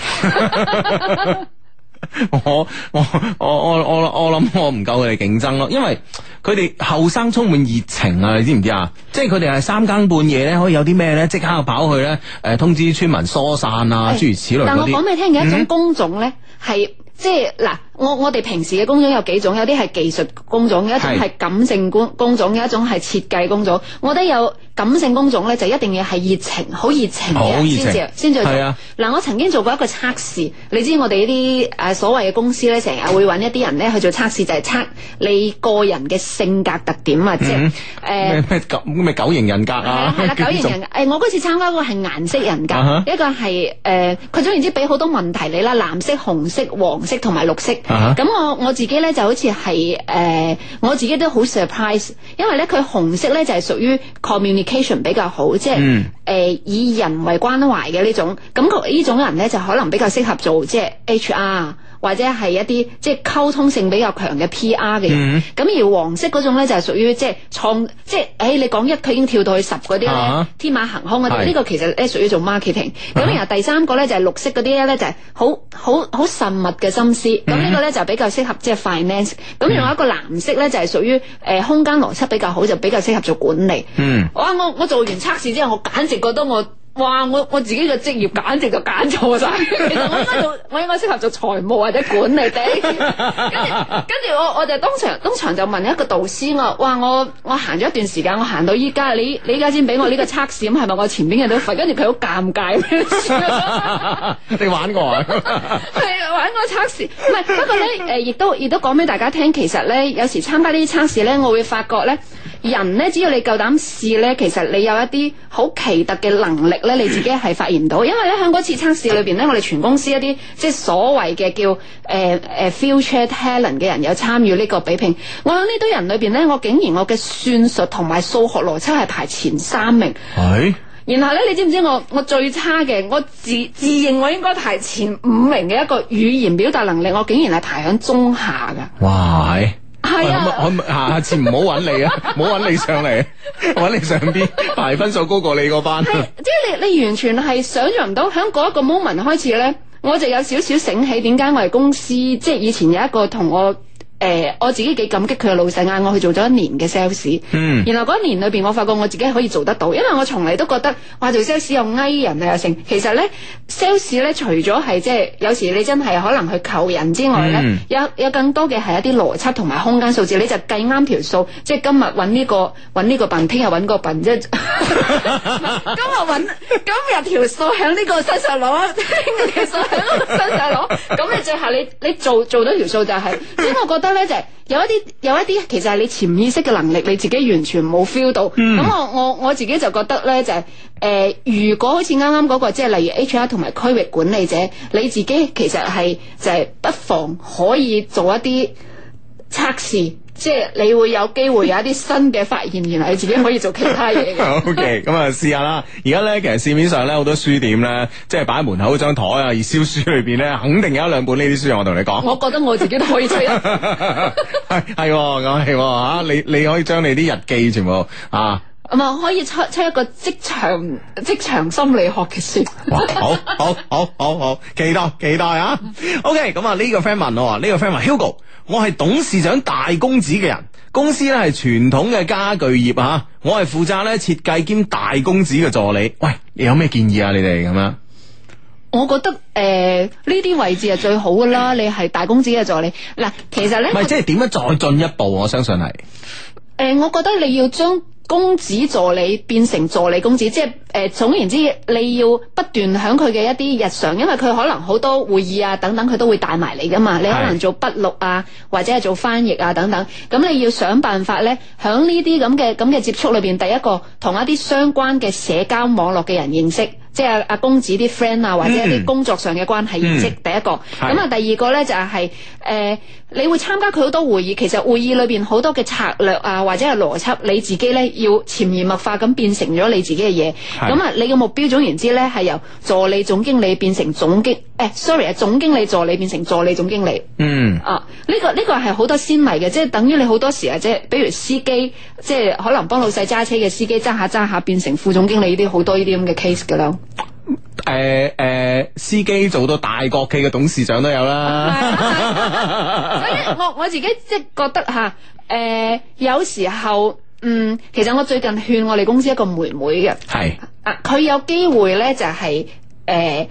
*laughs* 我我我我我我諗我唔夠佢哋競爭咯，因為佢哋後生充滿熱情啊，你知唔知啊？即係佢哋係三更半夜咧，可以有啲咩咧，即刻跑去咧，誒、呃、通知村民疏散啊，諸、欸、如此類，但我講俾你、嗯、聽，有一種工種咧，係即係嗱。我我哋平時嘅工種有幾種？有啲係技術工種，一種係感性工工種，有一種係設計工種。我覺得有感性工種咧，就一定要係熱情，熱情好熱情先至先做。嗱、啊，我曾經做過一個測試，你知我哋呢啲誒所謂嘅公司咧，成日會搵一啲人咧去做測試，就係、是、測你個人嘅性格特點啊，即係誒咩九咩九型人格啊？係啦、啊， *laughs* 九型人格。誒， *laughs* 我嗰次參加嗰個係顏色人格， *laughs* 一個係誒，佢、呃、總然之俾好多問題你啦，藍色、紅色、黃色同埋綠色。咁、uh huh. 我我自己咧就好似係誒，我自己都好 surprise，因為咧佢紅色咧就係、是、屬於 communication 比較好，即係誒、mm. 呃、以人為關懷嘅呢種，感覺呢種人咧就可能比較適合做即係 H R。或者係一啲即係溝通性比較強嘅 PR 嘅人，咁、嗯、而黃色嗰種咧就係屬於即係創，即係誒你講一佢已經跳到去十嗰啲咧，啊、天馬行空嗰啲，呢是個其實咧屬於做 marketing。咁然後第三個咧就係綠色嗰啲咧就係好好好縝密嘅心思，咁呢、嗯、個咧就比較適合即係 finance。咁另外一個藍色咧就係屬於誒空間邏輯比較好，就比較適合做管理。嗯、啊、我我我做完測試之後，我簡直覺得我。哇！我我自己嘅職業簡直就揀錯晒。 *laughs* 其實我應該做，我應該適合做財務或者管理的。跟住跟住，我我就當場當場就問一個導師，我話，我我行咗一段時間，我行到依家，你你依家先俾我呢個測試，咁係咪我前邊嘅都廢？跟住佢好尷尬。 *laughs* *laughs* *laughs* 你玩過啊？係 *laughs* 玩過測試，唔係，不過咧，誒亦都亦都講俾大家聽，其實咧有時參加呢啲測試咧，我會發覺咧。人呢，只要你夠膽試呢，其實你有一啲好奇特嘅能力呢，你自己係發現到。因為咧，喺嗰次測試裏邊呢，我哋全公司一啲即係所謂嘅叫誒誒、呃、future talent 嘅人有參與呢個比拼。我喺呢堆人裏邊呢，我竟然我嘅算術同埋數學邏輯係排前三名。係、哎。然後呢，你知唔知我我最差嘅？我自自認為應該排前五名嘅一個語言表達能力，我竟然係排喺中下噶。哇！係啊！我，我，我下次唔好揾你啊，唔好揾你上嚟，揾你上邊排分數高過你個班，啊。即係你，你完全係想象唔到，喺嗰一個 moment 開始咧，我就有少少醒起，點解我哋公司，即係以前有一個同我。誒、欸，我自己幾感激佢個老細嗌我去做咗一年嘅 sales，嗯、然後嗰一年裏邊，我發覺我自己可以做得到，因為我從嚟都覺得話做 sales 又矮人又剩，其實呢 sales 咧除咗係即係有時你真係可能去求人之外呢，嗯、有有更多嘅係一啲邏輯同埋空間數字，你就計啱條數，即係今日搵呢個搵呢個笨，聽日搵個笨，即 *laughs* 今日搵今日條數響呢個身上攞，聽日嘅數響身上攞，咁你最後你你做做到條數就係、是，所以我覺得。 *laughs* *laughs* 咧就係有一啲有一啲，其實係你潛意識嘅能力，你自己完全冇 feel 到。咁、嗯、我我我自己就覺得咧就係、是，誒、呃，如果好似啱啱嗰個，即係例如 HR 同埋區域管理者，你自己其實係就係、是、不妨可以做一啲測試。即係你會有機會有一啲新嘅發現，原來你自己可以做其他嘢。OK，咁啊試下啦。而家咧，其實市面上咧好多書店咧，即係擺喺門口嗰張枱啊，二手書裏邊咧，肯定有一兩本呢啲書。我同你講，我覺得我自己都可以出。係係咁係吓，你你可以將你啲日記全部啊，唔係可以出出一個職場職場心理學嘅書。好好好好好，期待期待啊。OK，咁啊呢個 friend 呢個 friend Hugo。我係董事長大公子嘅人，公司咧係傳統嘅家具業啊，我係負責咧設計兼大公子嘅助理。喂，你有咩建議啊？你哋咁樣？我覺得誒，呢、呃、啲位置係最好噶啦。 *laughs* 你係大公子嘅助理嗱，其實咧，唔係是他即係點樣再進一步？ *laughs* 我相信係誒、呃，我覺得你要將。公子助理變成助理公子，即係誒、呃，總言之，你要不斷響佢嘅一啲日常，因為佢可能好多會議啊，等等，佢都會帶埋你噶嘛。你可能做筆錄啊，或者係做翻譯啊，等等。咁你要想辦法咧，響呢啲咁嘅咁嘅接觸裏邊，第一個同一啲相關嘅社交網絡嘅人認識。即係阿公子啲 friend 啊，或者一啲工作上嘅關係認識，第一個。咁啊，第二個呢就係誒，你會參加佢好多會議，其實會議裏邊好多嘅策略啊，或者係邏輯，你自己呢要潛移默化咁變成咗你自己嘅嘢。咁啊，你嘅目標總言之呢係由助理總經理變成總經誒，sorry 啊，總經理助理變成助理總經理。嗯。啊，呢個呢個係好多先例嘅，即係等於你好多時啊，即係比如司機，即係可能幫老細揸車嘅司機，揸下揸下變成副總經理呢啲好多呢啲咁嘅 case 噶啦。誒誒、呃呃，司機做到大國企嘅董事長都有啦。 *laughs* *laughs* 所以我，我我自己即係覺得吓，誒、啊，有時候嗯，其實我最近勸我哋公司一個妹妹嘅，係是，佢、啊、有機會咧就係、是、誒。啊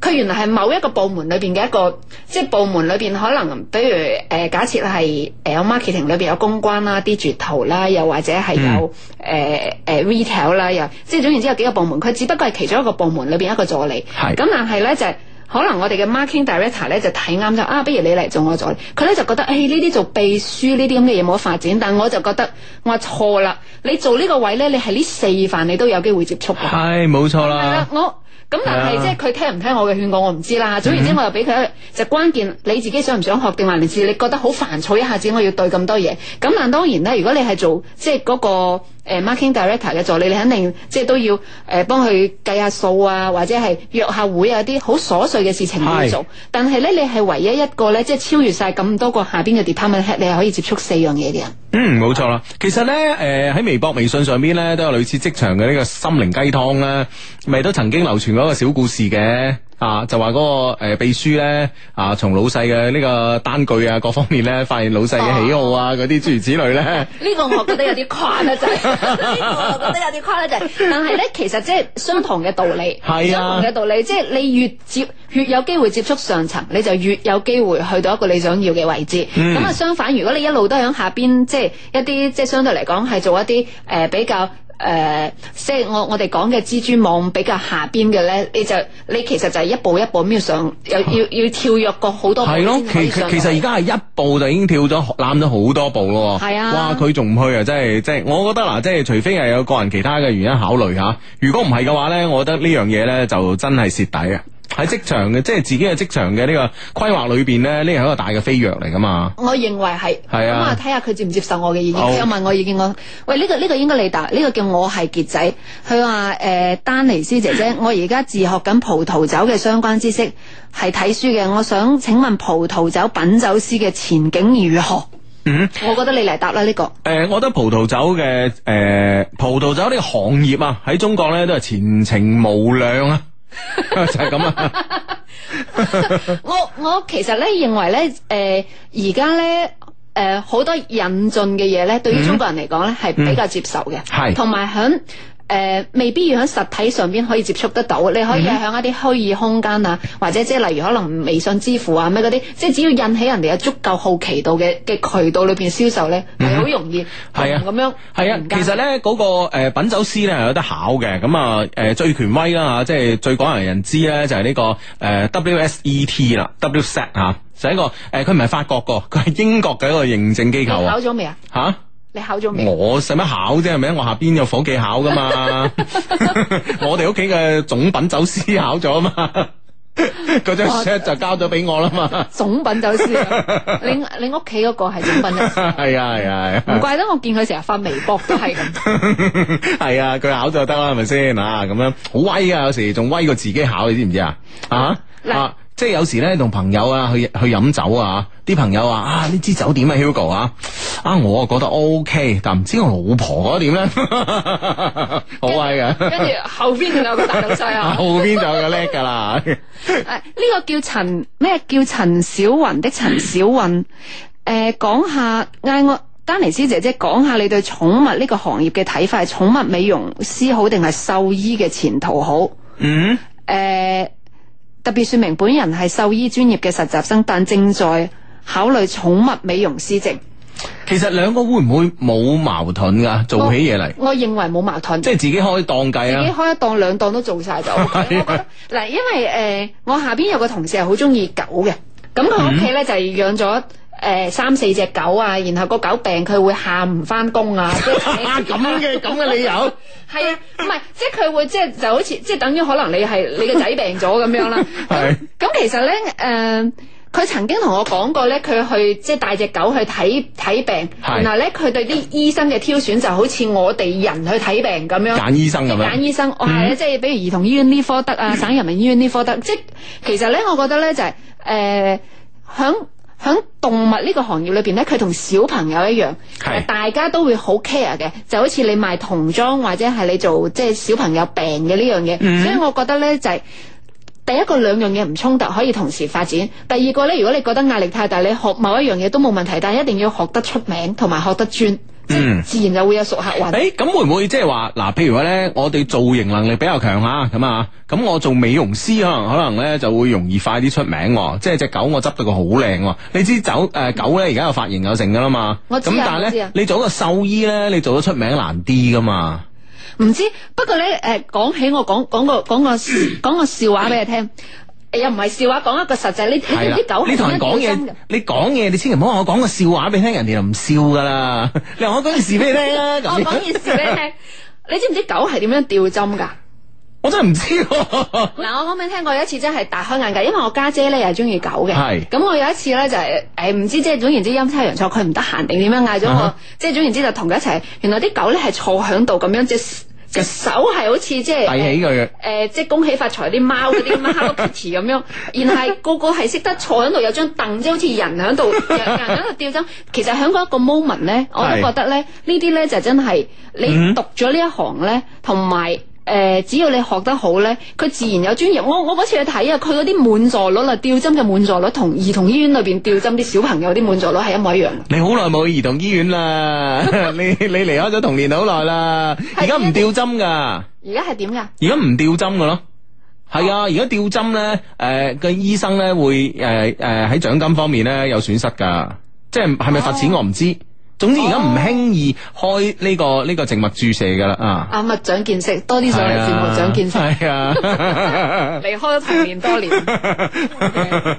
佢原來係某一個部門裏邊嘅一個，即係部門裏邊可能，比如誒、呃、假設係誒有 marketing 裏邊有公關啦 digital 啦，又或者係有誒誒 retail 啦，又即係總言之有幾個部門，佢只不過係其中一個部門裏邊一個助理。係是。咁但係咧就係、是、可能我哋嘅 marketing director 咧就睇啱咗啊，不如你嚟做我助理。佢咧就覺得誒呢啲做秘書呢啲咁嘅嘢冇得發展，但係我就覺得我錯啦，你做呢個位咧，你係呢四範你都有機會接觸㗎。係冇錯啦。係啦，我。咁但係 Yeah. 即係佢聽唔聽我嘅勸告，我唔知啦。總然之我又俾佢，就關鍵你自己想唔想學，定話你自，你覺得好煩躁，一下子我要對咁多嘢。咁但當然咧，如果你係做即係個誒 marketing director 嘅助理，你肯定即係都要誒幫佢計下數啊，或者係約下會，啊啲好瑣碎嘅事情去做。是但係咧，你係唯一一個咧，即係超越晒咁多個下邊嘅 department，你係可以接觸四樣嘢嘅人。嗯，冇錯啦。其實咧，誒、呃、喺微博、微信上邊咧都有類似職場嘅呢個心靈雞湯啦，咪都曾經流傳。一個小故事嘅啊，就話嗰個誒秘書咧啊，從老細嘅呢個單據啊，各方面咧，發現老細嘅喜好啊，嗰啲諸如此類咧。呢個我覺得有啲誇張，就係呢個我覺得有啲誇張就係。 *laughs* 但係咧，其實即係相同嘅道理，係、啊、相同嘅道理，即係你越接越有機會接觸上層，你就越有機會去到一個你想要嘅位置。咁啊、嗯，相反，如果你一路都喺下邊，即、就、係、是、一啲即係相對嚟講係做一啲誒比較。誒，uh, 即係我我哋講嘅蜘蛛網比較下邊嘅咧，你就你其實就係一步一步咁樣上，又、啊、要要跳躍過好多步先上到。係咯，其其實而家係一步就已經跳咗攬咗好多步咯。係啊，哇，佢仲唔去啊？即係，真係，我覺得嗱，即係除非係有個人其他嘅原因考慮吓、啊，如果唔係嘅話咧，我覺得呢樣嘢咧就真係蝕底啊。喺職場嘅，即係自己嘅職場嘅呢個規劃裏邊咧，呢個係一個大嘅飛躍嚟噶嘛。我認為係，咁啊睇下佢接唔接受我嘅意見。好有問我意見，我喂呢、這個呢、這個應該你答，呢、這個叫我係杰仔。佢話誒，丹尼斯姐姐， *laughs* 我而家自學緊葡萄酒嘅相關知識，係睇書嘅。我想請問葡萄酒品酒師嘅前景如何？嗯，我覺得你嚟答啦呢、這個。誒、呃，我覺得葡萄酒嘅誒、呃、葡萄酒呢個行業啊，喺中國咧都係前程無量啊。 *laughs* 就係咁這啊 *laughs* *laughs* 我！我我其實咧認為咧，誒、呃，而家咧，誒、呃，好多引進嘅嘢咧，對於中國人嚟講咧，係、嗯、比較接受嘅，係同埋響。誒、呃，未必要喺實體上邊可以接觸得到，你可以喺一啲虛擬空間啊，嗯、哼 或者即係例如可能微信支付啊，咩嗰啲，即、就、係、是、只要引起人哋有足夠好奇度嘅嘅渠道裏邊銷售咧，係好、嗯、哼 容易。係、欸、不啊，咁樣係啊。不間 其實咧嗰、那個誒、呃、品酒師咧有得考嘅，咁啊誒最權威啦吓，即、啊、係、就是、最廣為人,人知咧就係呢個誒 WSET 啦，WSET 吓，就一、是這個誒佢唔係法國個，佢係英國嘅一個認證機構啊。考咗未啊？吓！啊你考咗未？我使乜考啫，係咪？我下邊有伙計考噶嘛？ *laughs* *laughs* 我哋屋企嘅總品酒師考咗啊嘛，嗰 *laughs* 張 s 就交咗俾我啦嘛。 *laughs* 總品酒師！ *laughs* 你你屋企嗰個係總品 *laughs* 啊？係啊係啊係啊！唔怪得我見佢成日發微博都係咁。係啊，佢考就得啦，係咪先啊？咁、啊、樣好威啊！有時仲威過自己考，你知唔知啊？啊！嗱、啊。即係有時咧，同朋友啊，去去飲酒啊，啲朋友話啊，呢支酒點啊 Hugo 啊，啊我啊覺得 OK，但唔知我老婆嗰點咧， *laughs* 好壞嘅。跟住後邊仲有個大老細啊， *laughs* 後邊就有個叻噶啦。誒 *laughs* 啊，呢個叫陳咩？叫陳小雲的陳小雲，誒、呃，講下嗌我丹尼斯姐姐講下你對寵物呢個行業嘅睇法，寵物美容師好定係獸醫嘅前途好？嗯？誒、呃。特別說明，本人係獸醫專業嘅實習生，但正在考慮寵物美容師證。其實兩個會唔會冇矛盾㗎？做起嘢嚟，我認為冇矛盾。即係自己開檔計啊！自己開一檔兩檔都做晒就，OK。嗱， *laughs* 因為誒、呃，我下邊有個同事係好中意狗嘅，咁佢屋企咧就養咗，誒，三四隻狗啊，然後個狗病，佢會喊唔返工啊！咁嘅，咁嘅理由係啊，唔係，即係佢會即係就好似即係等於可能你係你個仔病咗咁樣啦。係咁，其實咧誒，佢曾經同我講過咧，佢去即係帶隻狗去睇睇病，然後咧佢對啲醫生嘅挑選就好似我哋人去睇病咁樣揀醫生咁樣揀醫生，我係咧即係比如兒童醫院呢科得啊，省人民醫院呢科得，即係其實咧，我覺得咧就係誒響。喺動物呢個行業裏邊呢，佢同小朋友一樣，是大家都會好 care 嘅，就好似你賣童裝或者係你做即係、就是、小朋友病嘅呢樣嘢，mm hmm. 所以我覺得呢，就係、是、第一個兩樣嘢唔衝突，可以同時發展。第二個呢，如果你覺得壓力太大，你學某一樣嘢都冇問題，但一定要學得出名同埋學得專。嗯，自然就會有熟客。誒，咁、欸、會唔會即係話嗱？譬如話咧，我哋造型能力比較強啊，咁啊，咁我做美容師可能可能咧就會容易快啲出名。即係隻狗我執到佢好靚，你知走誒、呃、狗咧而家有髮型有剩噶啦嘛？我知啊，知啊。咁但係咧，你做一個獸醫咧，你做得出名難啲噶嘛？唔知，不過咧誒，講、呃、起我講講個講個講個，個笑話俾你聽。又唔係笑話，講一個實際，你聽啲狗係點樣吊針？你同人講嘢，你講嘢，你千祈唔好我講個笑話俾你聽，人哋就唔笑噶啦。嗱， *laughs* 我講件事俾你聽啦。我講件事俾你聽，你知唔知狗係點樣吊針噶？我真係唔知。嗱，我可唔可以聽過有一次，真係大開眼界。因為我家姐咧又係中意狗嘅，係是。咁我有一次咧就係、是、誒，唔、哎、知即係總言之陰差陽錯，佢唔得閒定點樣嗌咗我，uh huh. 即係總言之就同佢一齊。原來啲狗咧係坐響度咁樣即。隻即手係好似即係誒誒，即係、呃就是、恭喜發財啲貓嗰啲咁啊，Hello Kitty 咁樣。然係個個係識得坐喺度，有張凳，即係好似人喺度， *laughs* 人喺度吊針。其實喺嗰一個 moment 咧，我都覺得咧，是呢啲咧就是、真係你讀咗呢一行咧，同埋。誒，只要你學得好咧，佢自然有專業。我我嗰次去睇啊，佢嗰啲滿座率啊，吊針嘅滿座率同兒童醫院裡邊吊針啲小朋友啲滿座率係一模一樣。你好耐冇去兒童醫院啦， *laughs* 你你離開咗童年好耐啦，而家唔吊針噶。而家係點噶？而家唔吊針噶咯，係、哦、啊。而家吊針咧，誒、呃，個醫生咧會誒誒喺獎金方面咧有損失噶，即係係咪罰錢我唔知。總之而家唔輕易開呢、這個呢、這個靜脈注射噶啦啊！嗯、啊，物長見識，多啲上嚟節目，長見識，離、啊、 *laughs* *laughs* 開咗童年多年。 *laughs* Okay.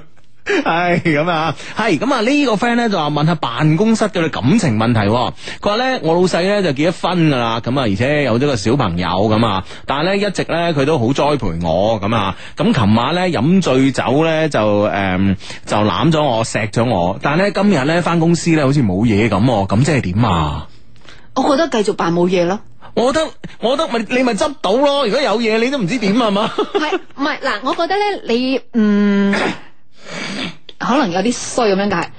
係咁啊，係咁啊！這個、呢個 friend 咧就話問下辦公室嘅感情問題、啊。佢話咧，我老細咧就結咗婚噶啦，咁啊，而且有咗個小朋友咁啊。但係咧，一直咧佢都好栽培我咁啊。咁琴晚咧飲醉酒咧就誒、嗯、就攬咗我，錫咗我。但係咧今日咧翻公司咧好似冇嘢咁，咁即係點啊我我？我覺得繼續扮冇嘢咯。我覺得我覺得咪你咪執到咯。如果有嘢，你都唔知點係嘛？係唔係嗱？我覺得咧，你嗯。 *coughs* 可能有啲衰咁樣解，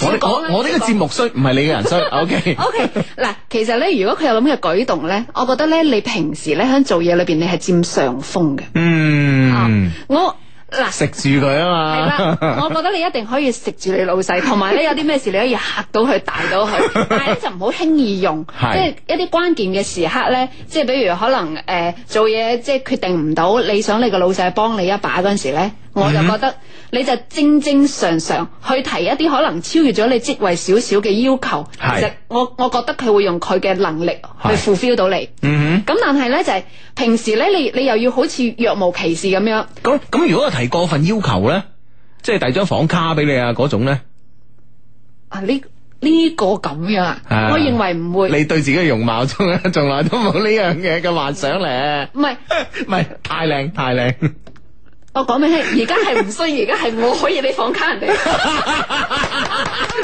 我啲要我我呢個節目衰，唔係你嘅人衰 *laughs* ，OK。OK 嗱，其實咧，如果佢有咁嘅舉動咧，我覺得咧，你平時咧喺做嘢裏邊，你係佔上風嘅。嗯，啊、我嗱食住佢啊嘛， *laughs* 係啦，我覺得你一定可以食住你老細，同埋咧有啲咩事，你可以吓到佢，大到佢， *laughs* 但係咧就唔好輕易用，即係 *laughs* 一啲關鍵嘅時刻咧，即係比如可能誒、呃呃呃呃、做嘢，即係決定唔到，你想你個老細幫你一把嗰陣時咧。呢呢我就覺得你就正正常常去提一啲可能超越咗你職位少少嘅要求，是其實我我覺得佢會用佢嘅能力去 fulfil 到你。咁是但係咧就係、是、平時咧你你又要好似若無其事咁樣。咁咁如果我提過分要求咧，即係遞張房卡俾你啊嗰種咧？啊呢呢個咁樣啊？我認為唔會。你對自己嘅容貌從來都冇呢樣嘢嘅幻想咧？唔係唔係太靚太靚。我講俾你聽，而家係唔需要，而家係我可以俾房卡人哋。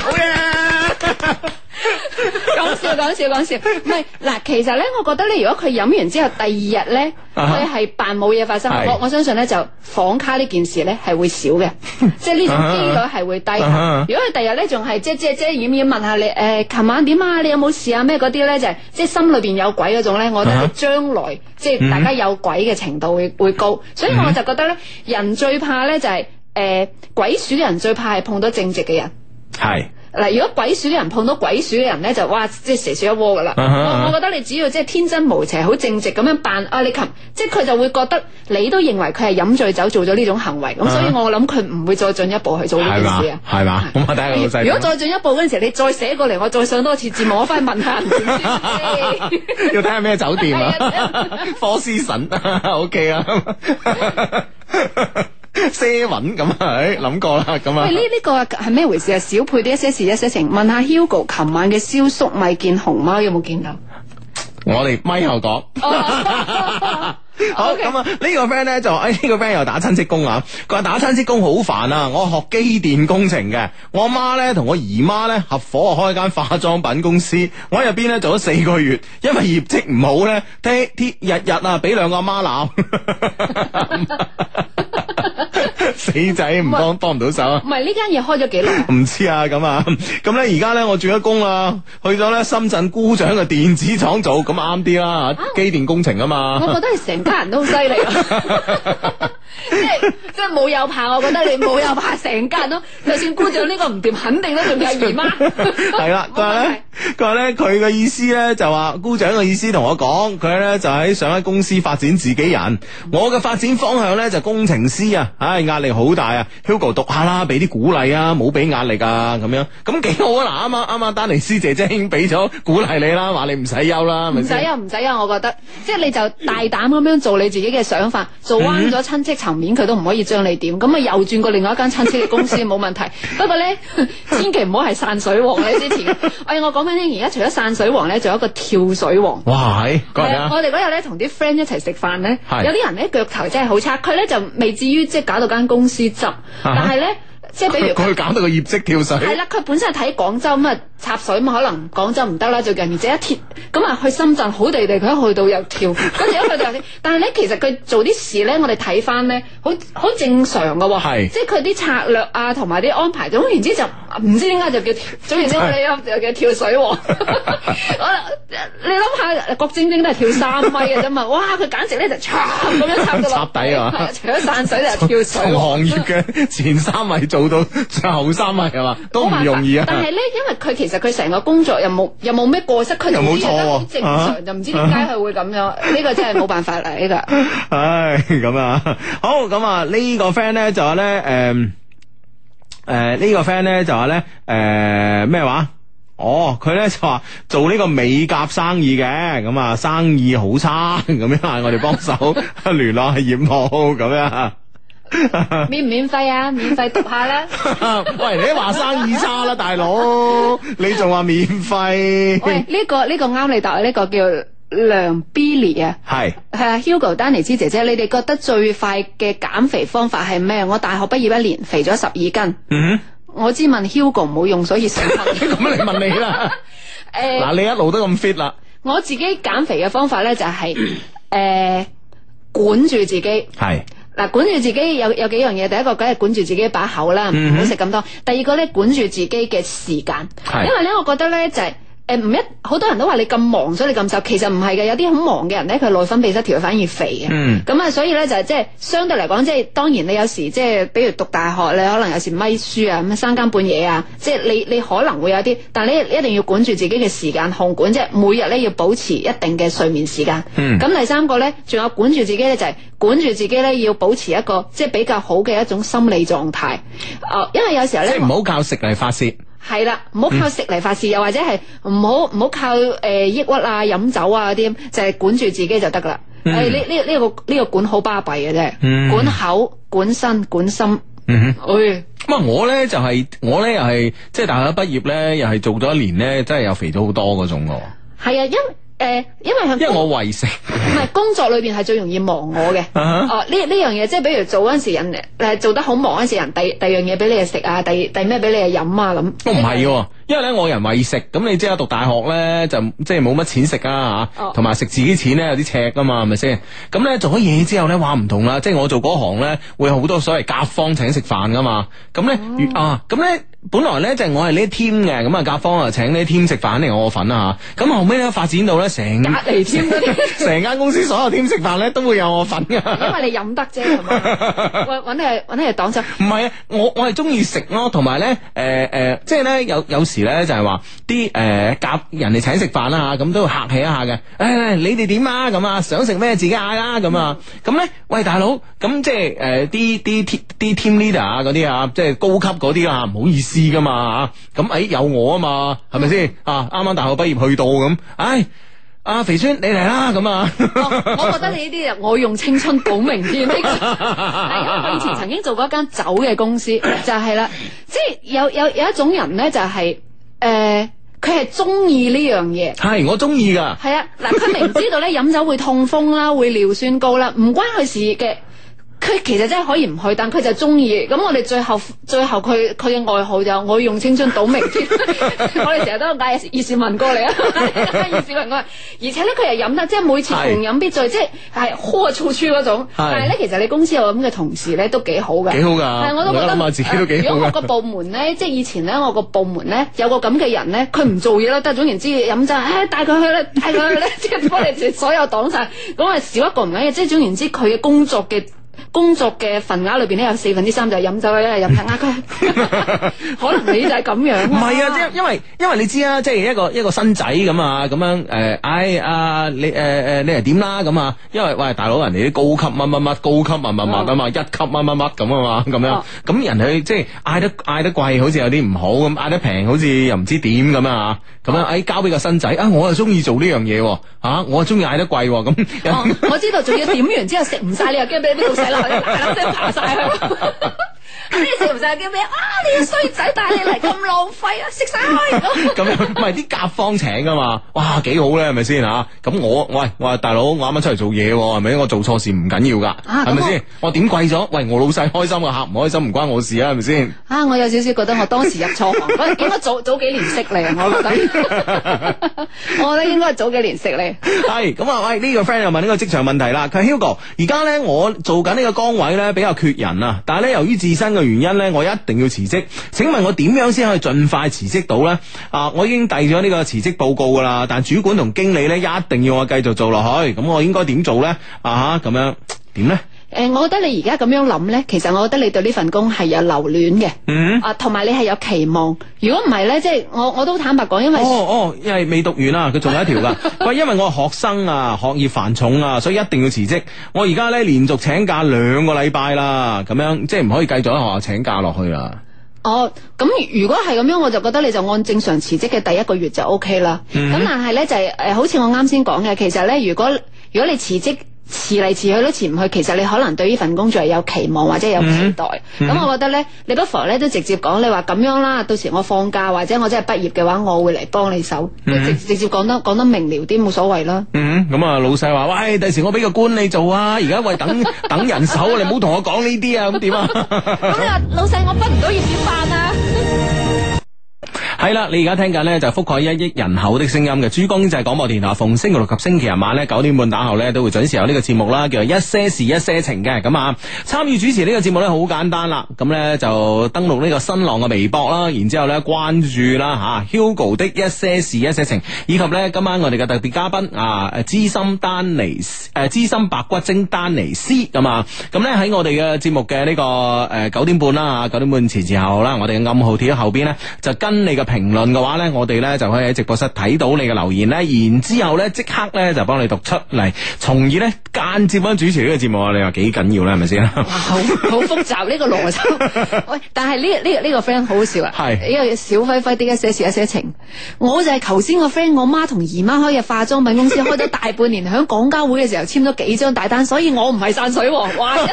好 *laughs* 嘢！ *laughs* *music* 講笑講笑講笑，唔係嗱，其實咧，我覺得咧，如果佢飲完之後第二日咧，佢係扮冇嘢發生，我我相信咧就房卡呢件事咧係會少嘅，即係呢種機率係會低。如果佢第日咧仲係即係即係即係，隱隱問下你誒，琴晚點啊，你有冇事啊？咩嗰啲咧就係即係心裏邊有鬼嗰種咧，我覺得將來即係大家有鬼嘅程度會會高，所以我就覺得咧，人最怕咧就係、是、誒、呃、鬼鼠嘅人最怕係碰到正直嘅人，係。Yes. 嗱，如果鬼鼠嘅人碰到鬼鼠嘅人咧，就哇，即係蛇鼠一窩噶啦。啊啊、我我覺得你只要即係天真無邪、好正直咁樣扮阿、啊、你琴即係佢就會覺得你都認為佢係飲醉酒做咗呢種行為，咁、啊啊、所以我諗佢唔會再進一步去做呢件事啊。係嘛、啊，咁啊第一、啊是啊、如果再進一步嗰陣時，你再寫過嚟，我再上多次節目，我翻去問下， *laughs* 要睇下咩酒店啊 Four Seasons，OK 啊。 *laughs* sell 穩咁啊，諗 Seven, *laughs* 過啦了，咁 *laughs* 啊、這個。喂、這個，呢呢個係咩回事啊？小配啲，一些事，一些情。問下 Hugo，琴晚嘅燒粟米見熊貓有冇見到？ *laughs* 我哋咪後講。 *laughs* *laughs* 好咁啊！Okay. 個呢、這個 friend 咧就誒，呢個 friend 又打親戚工啊！佢話打親戚工好煩啊！我學機電工程嘅，我阿媽咧同我姨媽咧合夥開間化妝品公司，我喺入邊咧做咗四個月，因為業績唔好咧 day day 日日啊俾兩個阿媽鬧。 *laughs* *laughs* 死仔唔幫幫唔到手啊！唔係呢間嘢，開咗幾耐？唔知啊，咁 *laughs* 啊，咁咧而家咧我轉咗工啦，啊，去咗咧深圳姑丈嘅電子廠做，咁啱啲啦，啊、機電工程啊嘛。我覺得係成家人都好犀利。啊。 *laughs* *laughs* *laughs* 即係即係冇有，有怕。我覺得你冇有，有怕，成家人都，就算姑丈呢個唔掂，肯定都仲有姨媽。係 *laughs* 啦 *laughs* 的，佢話咧，佢話咧，佢嘅意思咧就話姑丈嘅意思同我講，佢咧就喺想喺公司發展自己人。我嘅發展方向咧就是，工程師啊，唉，哎，壓力好大啊。Hugo 讀下啦，俾啲鼓勵啊，冇俾壓力啊，咁樣咁幾好啊。嗱，啊，啱啱啱啱丹尼斯姐姐，姐已經俾咗鼓勵你啦，話你唔使休啦，唔使憂唔使憂。我覺得 *laughs* 即係你就大膽咁樣做你自己嘅想法，做彎咗親戚。嗯層面佢都唔可以將你點，咁啊又轉過另外一間餐廳嘅公司冇 *laughs* 問題。不過咧，千祈唔好係散水王咧。 *laughs* 之前，哎，我講緊呢，而家除咗散水王咧，仲有一個跳水王。哇，係嗰、啊呃、我哋嗰日咧同啲 friend 一齊食飯咧，是有啲人咧腳頭真係好差，佢咧就未至於即係搞到間公司執，但係咧、啊、即係比如佢搞到個業績跳水。係啦，佢本身係睇廣州乜。插水嘛，可能廣州唔得啦最近，而且一跳，咁啊去深圳好地地，佢一去到又跳，跟住一去到又跳，但係咧其實佢做啲事咧，我哋睇翻咧，好好正常㗎喎，即係佢啲策略啊同埋啲安排，總言之就唔知點解就叫，總言之我哋又叫跳水喎。你諗下郭晶晶都係跳三米嘅啫嘛，哇佢簡直咧就插咁樣插到落，插底啊，除咗散水就跳水。同行業嘅前三米做到後三米係嘛都唔容易啊，但係咧因為佢其實。就佢成個工作又冇又冇咩過失，佢又冇錯正常，就唔、啊、知點解佢會咁樣。呢、啊、個真係冇辦法啦、啊，呢、 *laughs* 這個。唉、哎，咁啊，好咁啊，呢、這個 friend 咧就話咧，誒、呃，誒、呃，呢、這個 friend 咧就話咧，誒、呃，咩話？哦，佢咧就話做呢個美甲生意嘅，咁啊，生意好差，咁樣、啊、我哋幫手聯絡下業務，咁 *laughs* *laughs* 樣、啊。免唔免費啊？免費讀下啦！喂，你話生意差啦，大佬，你仲話免費？喂，呢個呢個啱你答，呢個叫梁 Billy 啊，係係啊，Hugo 丹尼芝姐姐，你哋覺得最快嘅減肥方法係咩？我大學畢業一年，肥咗十二斤。嗯，我知問 Hugo 唔好用，所以成日咁嚟問你啦。誒，嗱，你一路都咁 fit 啦，我自己減肥嘅方法咧就係誒管住自己。係。嗱、嗯哼，管住自己有有幾樣嘢，第一個梗係管住自己一把口啦，唔好食咁多。第二個咧，管住自己嘅時間，因為咧，我覺得咧就係、是。誒，唔、欸、一好多人都話你咁忙，所以你咁瘦，其實唔係嘅，有啲好忙嘅人咧，佢內分泌失調，反而肥嘅。嗯，咁啊，所以咧就係即係相對嚟講，即係當然你有時即係，比如讀大學，你可能有時咪書啊，咁三更半夜啊，即係你你可能會有啲，但係你，你一定要管住自己嘅時間，控管即係每日咧要保持一定嘅睡眠時間。咁、嗯、第三個咧，仲有管住自己咧就係、是、管住自己咧要保持一個即係比較好嘅一種心理狀態。哦、呃，因為有時候咧，即唔好靠食嚟發洩。係啦，唔好靠食嚟發泄，又、嗯、或者係唔好唔好靠誒、呃、抑鬱啊、飲酒啊嗰啲，就係、是、管住自己就得㗎啦。誒、嗯，呢呢呢個呢、這個管好巴閉嘅啫，嗯、管口、管身、管心。嗯哼，咁啊、哎就是，我咧就係我咧又係即係大學畢業咧，又係、就是、做咗一年咧，真係又肥咗好多嗰種噶。係啊，因。誒，因為因為我為食，唔係工作裏邊係最容易忘我嘅。哦，呢呢樣嘢即係比如做嗰陣時人誒做得好忙嗰陣時人第第樣嘢俾你食啊，第第咩俾你飲啊咁。我唔係，因為咧我人為食，咁你即係讀大學咧就即係冇乜錢食啊吓，同埋食自己錢咧有啲赤噶嘛，係咪先？咁咧做咗嘢之後咧話唔同啦，即係我做嗰行咧會有好多所謂甲方請食飯噶嘛，咁咧、oh. 啊，咁咧。本來咧就係我係呢 team 嘅，咁啊甲方請啊請呢 team 食飯嚟定我份啦吓。咁後尾咧發展到咧成隔籬 team，成間公司所有 team 食飯咧都會有我份噶。因為你飲得啫，係嘛，搵搵嚟搵嚟擋酒。唔、呃、係、呃就是呃、啊，我我係中意食咯，同埋咧誒誒，即係咧有有時咧就係話啲誒夾人哋請食飯啦吓，咁都會客氣一下嘅。誒、啊，你哋點啊？咁啊，想食咩自己嗌啦。咁啊，咁、啊、咧、嗯、喂大佬，咁即係誒啲啲啲 team leader 啊啲啊，即係、呃、高級嗰啲啊，唔好意思。知噶嘛？咁誒有我啊嘛，係咪先啊？啱啱大學畢業去到咁，唉、哎，阿肥川你嚟啦咁啊！啊哦、 *laughs* 我覺得你呢啲啊，我用青春保命添。我、這個 *laughs* 哎、以前曾經做過一間酒嘅公司，就係、是、啦，即係有有有一種人咧、就是，就係誒，佢係中意呢樣嘢。係我中意噶。係啊，嗱，佢明知道咧，飲 *laughs* 酒會痛風啦，會尿酸高啦，唔關佢事嘅。佢其實真係可以唔去，但佢就中意。咁、嗯、我哋最後最後，佢佢嘅愛好就我用青春賭明天。 *laughs* *laughs* 我哋成日都嗌葉倩文過嚟啊，葉倩文過嚟。而且咧，佢又飲得，即係每次逢飲必醉，是即係係啊，醋酸嗰種。是但係咧，其實你公司有咁嘅同事咧，都幾好嘅。幾好㗎？係我都覺得。自己都如果我個部門咧，即係以前咧，我個部門咧有個咁嘅人咧，佢唔做嘢啦。但係總之言之，飲真係，帶佢去啦，帶佢去啦，即係幫你所有擋曬。咁啊，少一個唔緊要。即係總言之，佢嘅工作嘅。工作嘅份額裏邊咧有四分之三就係、是、飲酒嘅，一係飲黑咖， *laughs* 可能你就係咁樣？唔係啊，即係、 *laughs* 啊、因為因為你知啊，即係一個一個新仔咁啊，咁樣誒，唉、呃哎、啊，你誒誒、呃、你係點啦？咁啊，因為喂，大佬，人哋啲高級乜乜乜，高級啊乜乜乜一級乜乜乜咁啊嘛，咁樣咁人哋即係嗌得嗌得貴，好似有啲唔好咁，嗌得平好似又唔知點咁啊。咁樣誒交俾個新仔啊！我又啊中意做呢樣嘢，吓我啊中意嗌得貴咁。哦，我知道，仲要點完之後食唔晒，你 *laughs* 又驚俾度洗啦，攞 *laughs* 去，係粒聲爬晒去。你食唔食叫咩啊？啊，你個衰仔帶你嚟咁浪費啊！食晒咁，咁咪啲甲方請噶嘛？哇，幾好咧，係咪先吓？咁我喂，我係大佬，我啱啱出嚟做嘢喎，係咪？我做錯事唔緊要噶，係咪先？我點貴咗？喂，我老細開心，啊，客唔開心唔關我事啊，係咪先？啊，我有少少覺得我當時入錯房，我應該早早幾年識你啊，我覺得！我咧應該早幾年識你。係咁啊！喂，呢個 friend 又問呢個職場問題啦。佢 Hugo，而家咧我做緊呢個崗位咧比較缺人啊，但係咧由於自身。嘅原因呢，我一定要辭職，請問我點樣先可以盡快辭職到呢？啊，我已經遞咗呢個辭職報告噶啦，但主管同經理呢，一定要我繼續做落去，咁、嗯、我應該點做呢？啊，咁樣點呢？誒、呃，我覺得你而家咁樣諗呢，其實我覺得你對呢份工係有留戀嘅，mm hmm. 啊，同埋你係有期望。如果唔係呢，即、就、係、是、我我都坦白講，因為哦哦，因為未讀完啦、啊，佢仲有一條噶，喂， *laughs* 因為我係學生啊，學業繁重啊，所以一定要辭職。我而家呢，連續請假兩個禮拜啦，咁樣即係唔可以繼續喺學校請假落去啦。哦，咁如果係咁樣，我就覺得你就按正常辭職嘅第一個月就 O K 啦。咁、mm hmm. 但係呢，就係、是呃、好似我啱先講嘅，其實呢，如果如果你辭職。遲嚟遲去都遲唔去，其實你可能對呢份工作係有期望或者有期待，咁、嗯嗯、我覺得呢，你不妨呢都直接講，你話咁樣啦，到時我放假或者我真係畢業嘅話，我會嚟幫你手、嗯，直直接講得講得明了啲，冇所謂啦、嗯。嗯、咁、嗯、啊、嗯，老細話喂，第時我俾個官你做啊，而家喂等等人手， *laughs* 你唔好同我講呢啲啊，咁點啊？咁你話老細，我畢唔到業點辦啊？ *laughs* 嗯 *laughs* 係啦，你而家聽緊呢就覆蓋一億人口的聲音嘅珠江經濟廣播電台。逢星期六及星期日晚呢，九點半打後呢，都會準時有呢個節目啦，叫做一些事一些情嘅。咁啊，參與主持呢個節目呢，好簡單啦，咁呢，就登錄呢個新浪嘅微博啦，然之後呢關注啦吓 Hugo 的一些事一些情，啊、些些情以及呢，今晚我哋嘅特別嘉賓啊誒資深丹尼誒資深白骨精丹尼斯咁啊。咁呢，喺我哋嘅節目嘅呢、這個誒九點半啦九點半前之後啦，我哋嘅暗號貼喺後邊呢，就跟你嘅。評論嘅話咧，我哋咧就可以喺直播室睇到你嘅留言咧，然之後咧即刻咧就幫你讀出嚟，從而咧間接咁主持呢個節目啊！你話幾緊要啦，係咪先？哇，好 *laughs* 複雜呢、呢個邏輯。喂，但係呢呢呢個 friend 好 *laughs* 好笑啊！係呢是個小輝輝點解寫一寫情？我就係頭先個 friend，我媽同姨媽開嘅化妝品公司開咗大半年，響廣交會嘅時候簽咗幾張大單，所以我唔係散水王，哇！一,一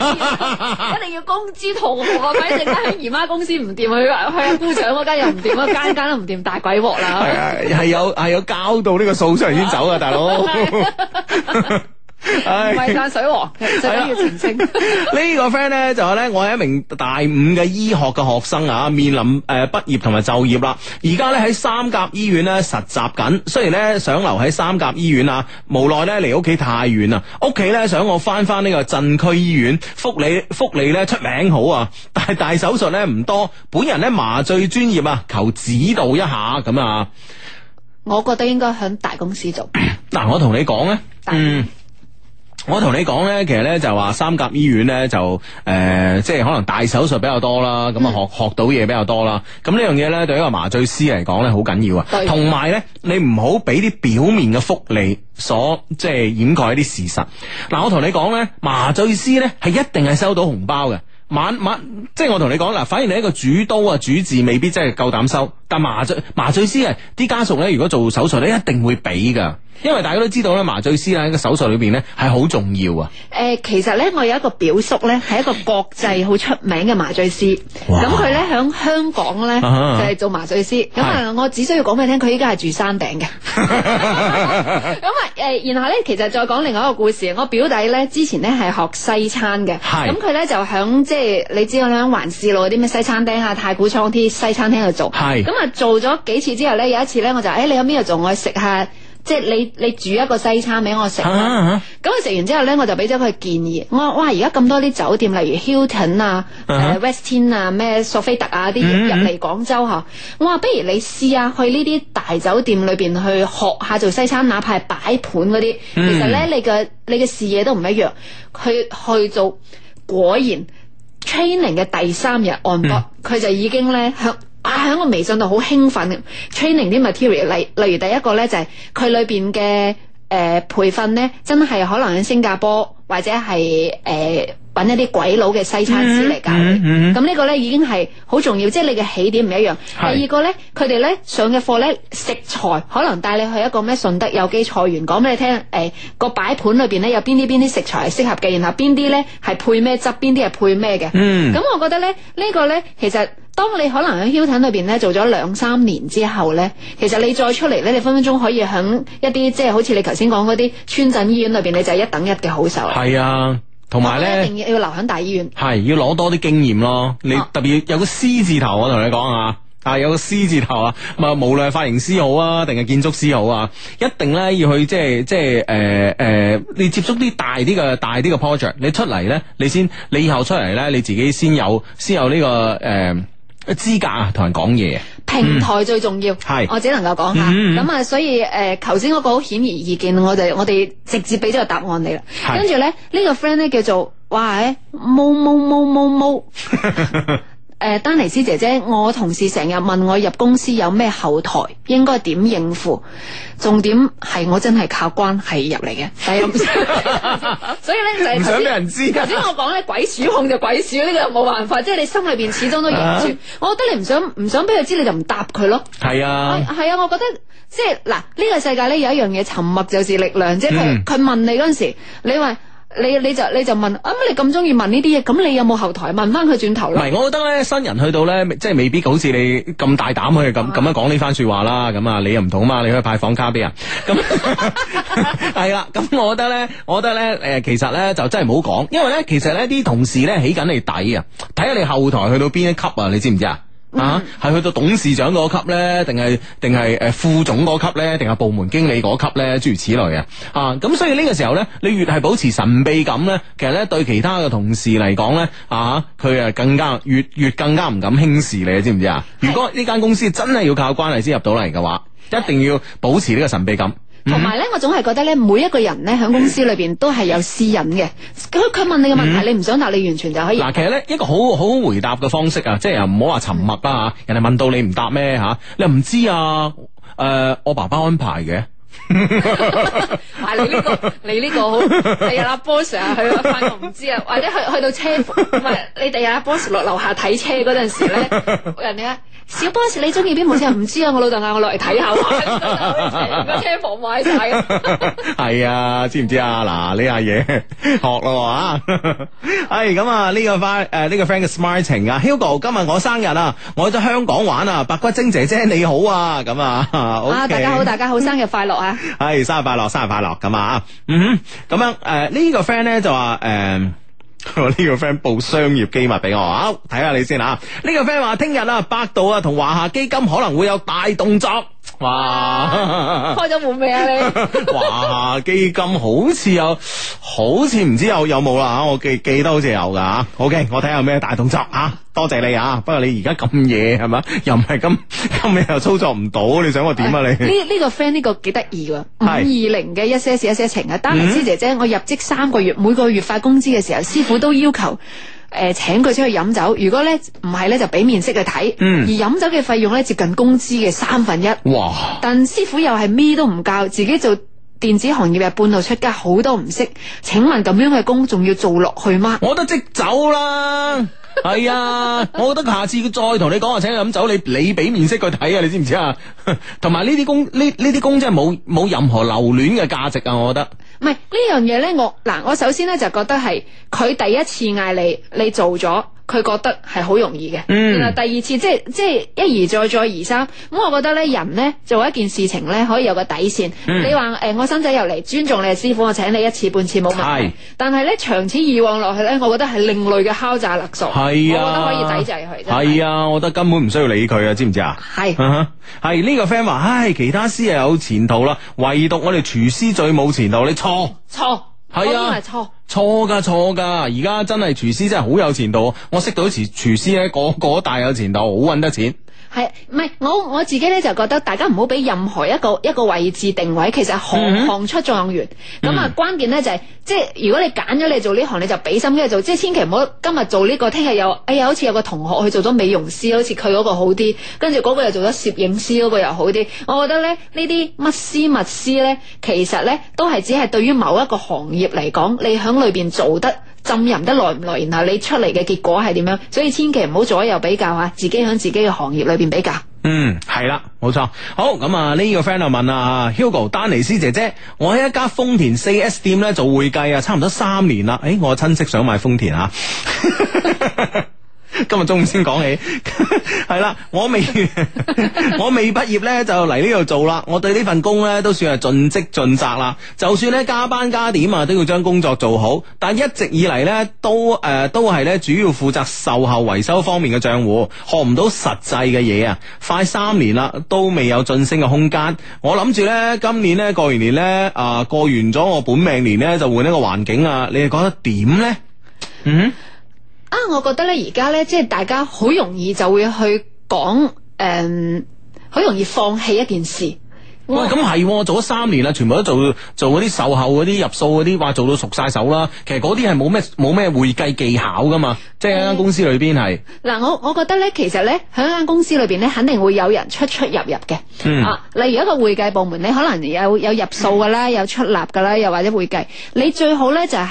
定要工資同我，突然間喺姨媽公司唔掂，去去姑丈嗰間又唔掂，間間。唔掂大鬼鑊啦，係啊， *laughs* *laughs* 係有係有交到呢個數出嚟先走啊，大佬。 *laughs* *laughs* 唔係扮水王， *laughs* 就呢個澄清。呢 *laughs* *laughs* 個 friend 呢，就係咧，我係一名大五嘅醫學嘅學生啊，面臨誒、呃、畢業同埋就業啦。而家呢，喺三甲醫院呢實習緊，雖然呢想留喺三甲醫院啊，無奈呢離屋企太遠啦，屋企呢想我翻翻呢個鎮區醫院，福利福利呢出名好啊，但係大手術呢唔多，本人呢麻醉專業啊，求指導一下咁啊。我覺得應該響大公司做。嗱， *coughs* *coughs* 我同你講啊。嗯。 *coughs* *coughs* *coughs* 我同你講呢，其實呢就話三甲醫院呢，就誒、呃，即係可能大手術比較多啦，咁啊、嗯、學學到嘢比較多啦。咁呢樣嘢呢，對一個麻醉師嚟講呢，好緊要啊。同埋對呢，你唔好俾啲表面嘅福利所即係掩蓋一啲事實。嗱、呃，我同你講呢，麻醉師呢係一定係收到紅包嘅。晚晚即係我同你講嗱，反而你一個主刀啊主治未必真係夠膽收，但麻醉麻醉師啊啲家屬呢，如果做手術呢，一定會俾噶。因為大家都知道咧，麻醉師喺個手術裏邊咧係好重要啊！誒，其實咧我有一個表叔咧，係一個國際好出名嘅麻醉師。咁佢咧響香港咧，uh huh. 就係做麻醉師。咁啊是、嗯，我只需要講俾你聽，佢依家係住山頂嘅。咁啊，誒，然後咧，其實再講另外一個故事。我表弟咧之前咧係學西餐嘅。咁佢咧就響即係你知我響環市路嗰啲咩西餐廳啊、太古倉啲西餐廳度做。咁啊是、嗯嗯，做咗幾次之後咧，有一次咧我就誒、哎哎，你響邊度做？我去食下。即係你你煮一個西餐俾我食，咁、啊啊、我食完之後呢，我就俾咗佢建議。我話：哇，而家咁多啲酒店，例如 Hilton 啊、Westin 啊、咩、呃啊、索菲特啊啲入嚟廣州嗬。嗯嗯、我話：不如你試下去呢啲大酒店裏邊去學下做西餐，哪怕係擺盤嗰啲。嗯、其實呢，你嘅你嘅視野都唔一樣。佢去做果然 training 嘅第三日，on board 佢就已經咧。啊！我喺個微信度好興奮，training 啲 material，例例如第一個咧就係、是、佢裏邊嘅誒培訓咧，真係可能喺新加坡或者係誒揾一啲鬼佬嘅西餐師嚟教你。咁、嗯嗯嗯、呢個咧已經係好重要，即係你嘅起點唔一樣。是第二個咧，佢哋咧上嘅課咧食材可能帶你去一個咩順德有機菜園，講俾你聽誒、呃、個擺盤裏邊咧有邊啲邊啲食材係適合嘅，然後邊啲咧係配咩汁，邊啲係配咩嘅。嗯，咁、嗯、我覺得咧呢、這個咧其實。當你可能喺 hospital 裏邊咧做咗兩三年之後咧，其實你再出嚟咧，你分分鐘可以喺一啲即係好似你頭先講嗰啲村鎮醫院裏邊，你就係一等一嘅好手。係啊，同埋咧一定要留喺大醫院。係要攞多啲經驗咯，你特別有個師字頭，我同你講啊，啊有個師字頭啊，咁啊，無論係髮型師好啊，定係建築師好啊，一定咧要去即係即係誒誒，你接觸啲大啲嘅大啲嘅 project，你出嚟咧，你先你以後出嚟咧，你自己先有先有呢個誒。呃資格啊，同人講嘢，平台最重要。係、嗯，我只能夠講下。咁啊、嗯，所以誒，頭先嗰個好顯而易見，我哋我哋直接俾咗個答案你啦。是跟住咧，呢、呢個 friend 咧叫做哇，誒，毛毛毛毛毛。誒、呃，丹尼斯姐姐，我同事成日問我入公司有咩後台，應該點應付？重點係我真係靠關係入嚟嘅，係咁。所以咧就係、是、唔想俾人知。頭先我講咧，鬼鼠控就鬼鼠，呢個冇辦法，即係你心裏邊始終都忍唔住。啊、我覺得你唔想唔想俾佢知，你就唔答佢咯。係啊，係啊，啊，我覺得即係嗱，呢、這個世界咧有一樣嘢，沉默就是力量。即係佢佢問你嗰陣時，你話。你你就你就問，咁、啊、你咁中意問呢啲嘢，咁你有冇後台？問翻佢轉頭咯。唔係，我覺得咧新人去到咧，即係未必好似你咁大膽去咁咁樣講呢番說話啦。咁啊，你又唔同嘛？你可以派房卡俾人。咁係啦。咁 *laughs* *laughs* 我覺得咧，我覺得咧，誒，其實咧就真係唔好講，因為咧，其實咧啲同事咧起緊你底啊，睇下你後台去到邊一級啊，你知唔知啊？啊，係去到董事長嗰級呢，定係定係誒副總嗰級呢？定係部門經理嗰級呢？諸如此類嘅啊。咁、啊、所以呢個時候呢，你越係保持神秘感呢，其實呢對其他嘅同事嚟講呢，啊，佢啊更加越越更加唔敢輕視你，知唔知啊？是如果呢間公司真係要靠關係先入到嚟嘅話，一定要保持呢個神秘感。同埋咧，我總係覺得咧，每一個人咧喺公司裏邊都係有私隱嘅。佢佢問你個問題，嗯、你唔想答，你完全就可以。嗱，其實咧一個好好回答嘅方式啊，即係又唔好話沉默啦吓。人哋問到你唔答咩吓？又你唔知啊？誒、呃，我爸爸安排嘅。買 *laughs* 你呢、這個，你呢個好。哎呀，boss 啊，Sir, 去？我唔知啊，或者去去到車房，唔係你哋第阿 boss 落樓下睇車嗰陣時咧，人哋啊，小 boss 你中意邊部車唔知啊？我老豆嗌我落嚟睇下玩，個車房買晒。係啊，知唔知啊？嗱，呢下嘢學咯啊。係咁啊，呢個翻誒呢個 friend 嘅 smarting 啊，Hugo 今日我生日啊，我喺香港玩啊，白骨精姐姐，姐你好啊，咁啊，okay. 啊大家好，大家好，生日快樂！ *laughs* 係生日快樂，生日快樂咁啊！嗯哼，咁樣誒，呃這個、呢、呃、個 friend 咧就話誒，呢個 friend 報商業機密俾我啊，睇下你先啊！呢、這個 friend 話聽日啊，百度啊同華夏基金可能會有大動作。哇！開咗門未啊你？ *laughs* 哇！華夏基金好似有，好似唔知有有冇啦吓，我記記得好似有噶吓。OK，我睇下有咩大動作啊！多謝你啊！不過你而家咁夜係嘛？又唔係咁，今咩又操作唔到？你想我點啊你？呢呢、哎這個 friend 呢個幾得意噶，五二零嘅一些事一些情啊！丹尼斯是、嗯、姐姐，我入職三個月，每個月發工資嘅時候，師傅都要求。誒、呃，請佢出去飲酒。如果咧唔係咧，就俾面色佢睇。嗯、而飲酒嘅費用咧，接近工資嘅三分一。哇！但師傅又係咩都唔教，自己做電子行業嘅半路出家，好多唔識。請問咁樣嘅工仲要做落去嗎？我都即走啦。係 *laughs* 啊，我覺得下次佢再同你講話請你飲酒，你你俾面色佢睇啊，你知唔知啊？同埋呢啲工，呢呢啲工真係冇冇任何留戀嘅價值啊！我覺得，唔係呢樣嘢咧，我嗱，我首先咧就覺得係佢第一次嗌你，你做咗。佢覺得係好容易嘅，嗯、然後第二次即係即係一而再再而三，咁我覺得咧人咧做一件事情咧可以有個底線。嗯、你話誒、呃、我新仔入嚟，尊重你師傅，我請你一次半次冇問題。是但係咧長此以往落去咧，我覺得係另類嘅敲詐勒索。係啊，我覺得可以抵制佢。係啊，我覺得根本唔需要理佢啊，知唔知啊？係是。係呢、uh huh. 呢個 friend 話，唉，其他師又有前途啦，唯獨我哋廚師最冇前途。你錯錯。係啊，係錯錯噶，錯噶！而家真係廚師真係好有前途，我識到時廚師咧，個個大有前途，好揾得錢。係，唔係我我自己咧就覺得大家唔好俾任何一個一個位置定位，其實行、mm hmm. 行出狀元，咁啊關鍵咧就係、是，即係如果你揀咗你做呢行，你就俾心機去做，即係千祈唔好今日做呢、這個，聽日又，哎呀好似有個同學去做咗美容師，好似佢嗰個好啲，跟住嗰個又做咗攝影師，嗰、那個又好啲。我覺得咧呢啲乜師乜師咧，其實咧都係只係對於某一個行業嚟講，你喺裏邊做得。浸淫得耐唔耐，然後你出嚟嘅結果係點樣？所以千祈唔好左右比較啊！自己喺自己嘅行業裏邊比較。嗯，係啦，冇錯。好，咁啊，呢個 friend 又問啊 Hugo 丹尼斯姐姐，我喺一家豐田 4S 店咧做會計啊，差唔多三年啦。誒、哎，我親戚想買豐田啊。 *laughs* *laughs* *laughs* 今日中午先講起，係啦，我未 *laughs* 我未畢業呢就嚟呢度做啦。我對呢份工呢，都算係盡職盡責啦。就算呢加班加點啊，都要將工作做好。但一直以嚟呢，都誒、呃、都係呢主要負責售後維修方面嘅賬戶，學唔到實際嘅嘢啊！快三年啦，都未有晉升嘅空間。我諗住呢今年呢，過完年呢，啊過完咗我本命年呢，就換呢個環境啊！你哋覺得點呢？嗯、mm。Hmm. 啊，我覺得咧，而家咧，即係大家好容易就會去講，誒、嗯，好容易放棄一件事。喂，咁係、啊、做咗三年啦，全部都做做嗰啲售後嗰啲入數嗰啲，話做到熟晒手啦。其實嗰啲係冇咩冇咩會計技巧噶嘛，即係喺間公司裏邊係嗱。我我覺得咧，其實咧，喺一間公司裏邊咧，肯定會有人出出入入嘅、嗯、啊。例如一個會計部門，你可能有有入數噶啦，有出納噶啦，又或者會計，你最好咧就係、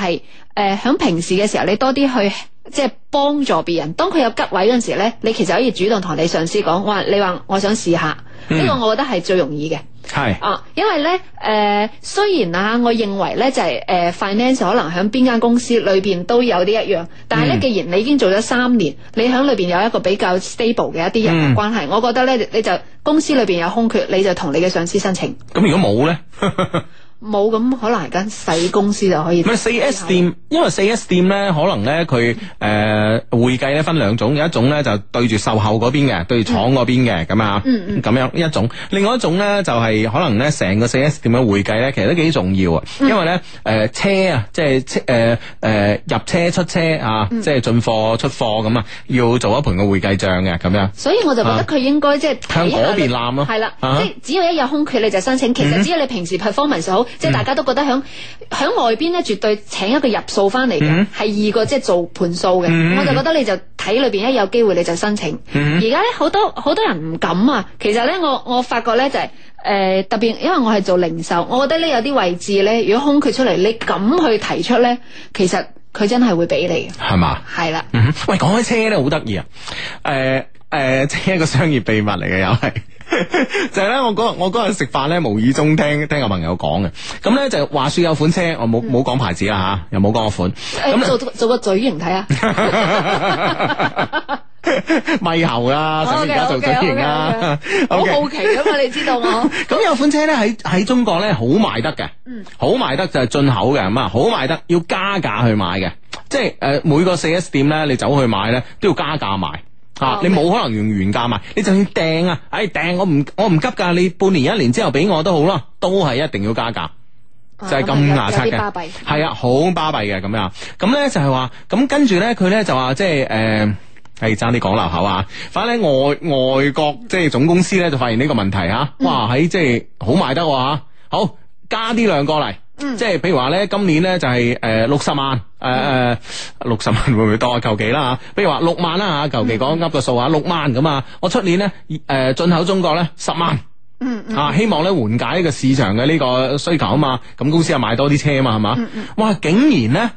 是、誒，響、呃、平時嘅時候，你多啲去。即係幫助別人，當佢有吉位嗰時咧，你其實可以主動同你上司講，話你話我想試下，呢、嗯、個我覺得係最容易嘅。係是啊，因為咧，誒、呃，雖然啊，我認為咧就係、是、誒、呃、，finance 可能響邊間公司裏邊都有啲一樣，但係咧，嗯、既然你已經做咗三年，你響裏邊有一個比較 stable 嘅一啲人嘅關係，嗯、我覺得咧，你就公司裏邊有空缺，你就同你嘅上司申請。咁如果冇咧？ *laughs* 冇咁可能間細公司就可以。唔係四 S 店，因為四 S 店咧，可能咧佢誒會計咧分兩種，有一種咧就對住售後嗰邊嘅，對住廠嗰邊嘅咁啊，咁樣一種；另外一種咧就係可能咧成個四 S 店嘅會計咧，其實都幾重要啊，因為咧誒車啊，即係車誒誒入車出車啊，即係進貨出貨咁啊，要做一盤嘅會計賬嘅咁樣。所以我就覺得佢應該即係向嗰邊攬咯。係啦，即係只要一有空缺你就申請。其實只要你平時 performance 就好。即係大家都覺得響響外邊咧，絕對請一個入數翻嚟嘅，係二個即係做盤數嘅。Mm hmm. 我就覺得你就睇裏邊一有機會你就申請。而家咧好多好多人唔敢啊。其實咧，我我發覺咧就係、是、誒、呃、特別，因為我係做零售，我覺得呢，有啲位置咧，如果空缺出嚟，你噉去提出咧，其實佢真係會俾你嘅。係嘛？係啦。喂，講開車咧好得意啊！誒誒，呃呃、一個商業秘密嚟嘅又係。 *laughs* 就係咧，我嗰日我日食飯咧，無意中聽聽個朋友講嘅，咁咧就係、話說有款車，我冇冇講牌子啦吓，又冇講個款，咁、欸嗯、做做個嘴型睇啊，獼猴啊，甚至而家做嘴型啊，好好奇啊嘛，你知道我？咁 *laughs* 有款車咧喺喺中國咧好賣得嘅，好賣得就係進口嘅，咁啊好賣得要加價去買嘅，即係誒、呃、每個四 S 店咧你走去買咧都要加價賣。吓、啊、你冇可能用原價賣，啊、你就算訂啊，哎訂我唔我唔急噶，你半年一年之後俾我都好啦，都係一定要加價，就係咁牙擦嘅，係啊，好巴閉嘅咁樣，咁咧就係話，咁跟住咧佢咧就話即係誒，係爭啲講漏口啊，反正外外國即係、就是、總公司咧就發現呢個問題啊，哇喺即係好賣得吓，好、啊、好加啲兩個嚟。即係譬如話咧，今年咧就係、是、誒、呃、六十萬誒誒、呃、六十萬會唔會多啊？求其啦吓，譬如話六萬啦吓，求其講噏個數啊，嗯、六萬噶嘛。我出年咧誒進口中國咧十萬，嗯，嗯啊希望咧緩解呢個市場嘅呢個需求啊嘛。咁公司啊買多啲車啊嘛，係嘛？哇、嗯嗯、竟然咧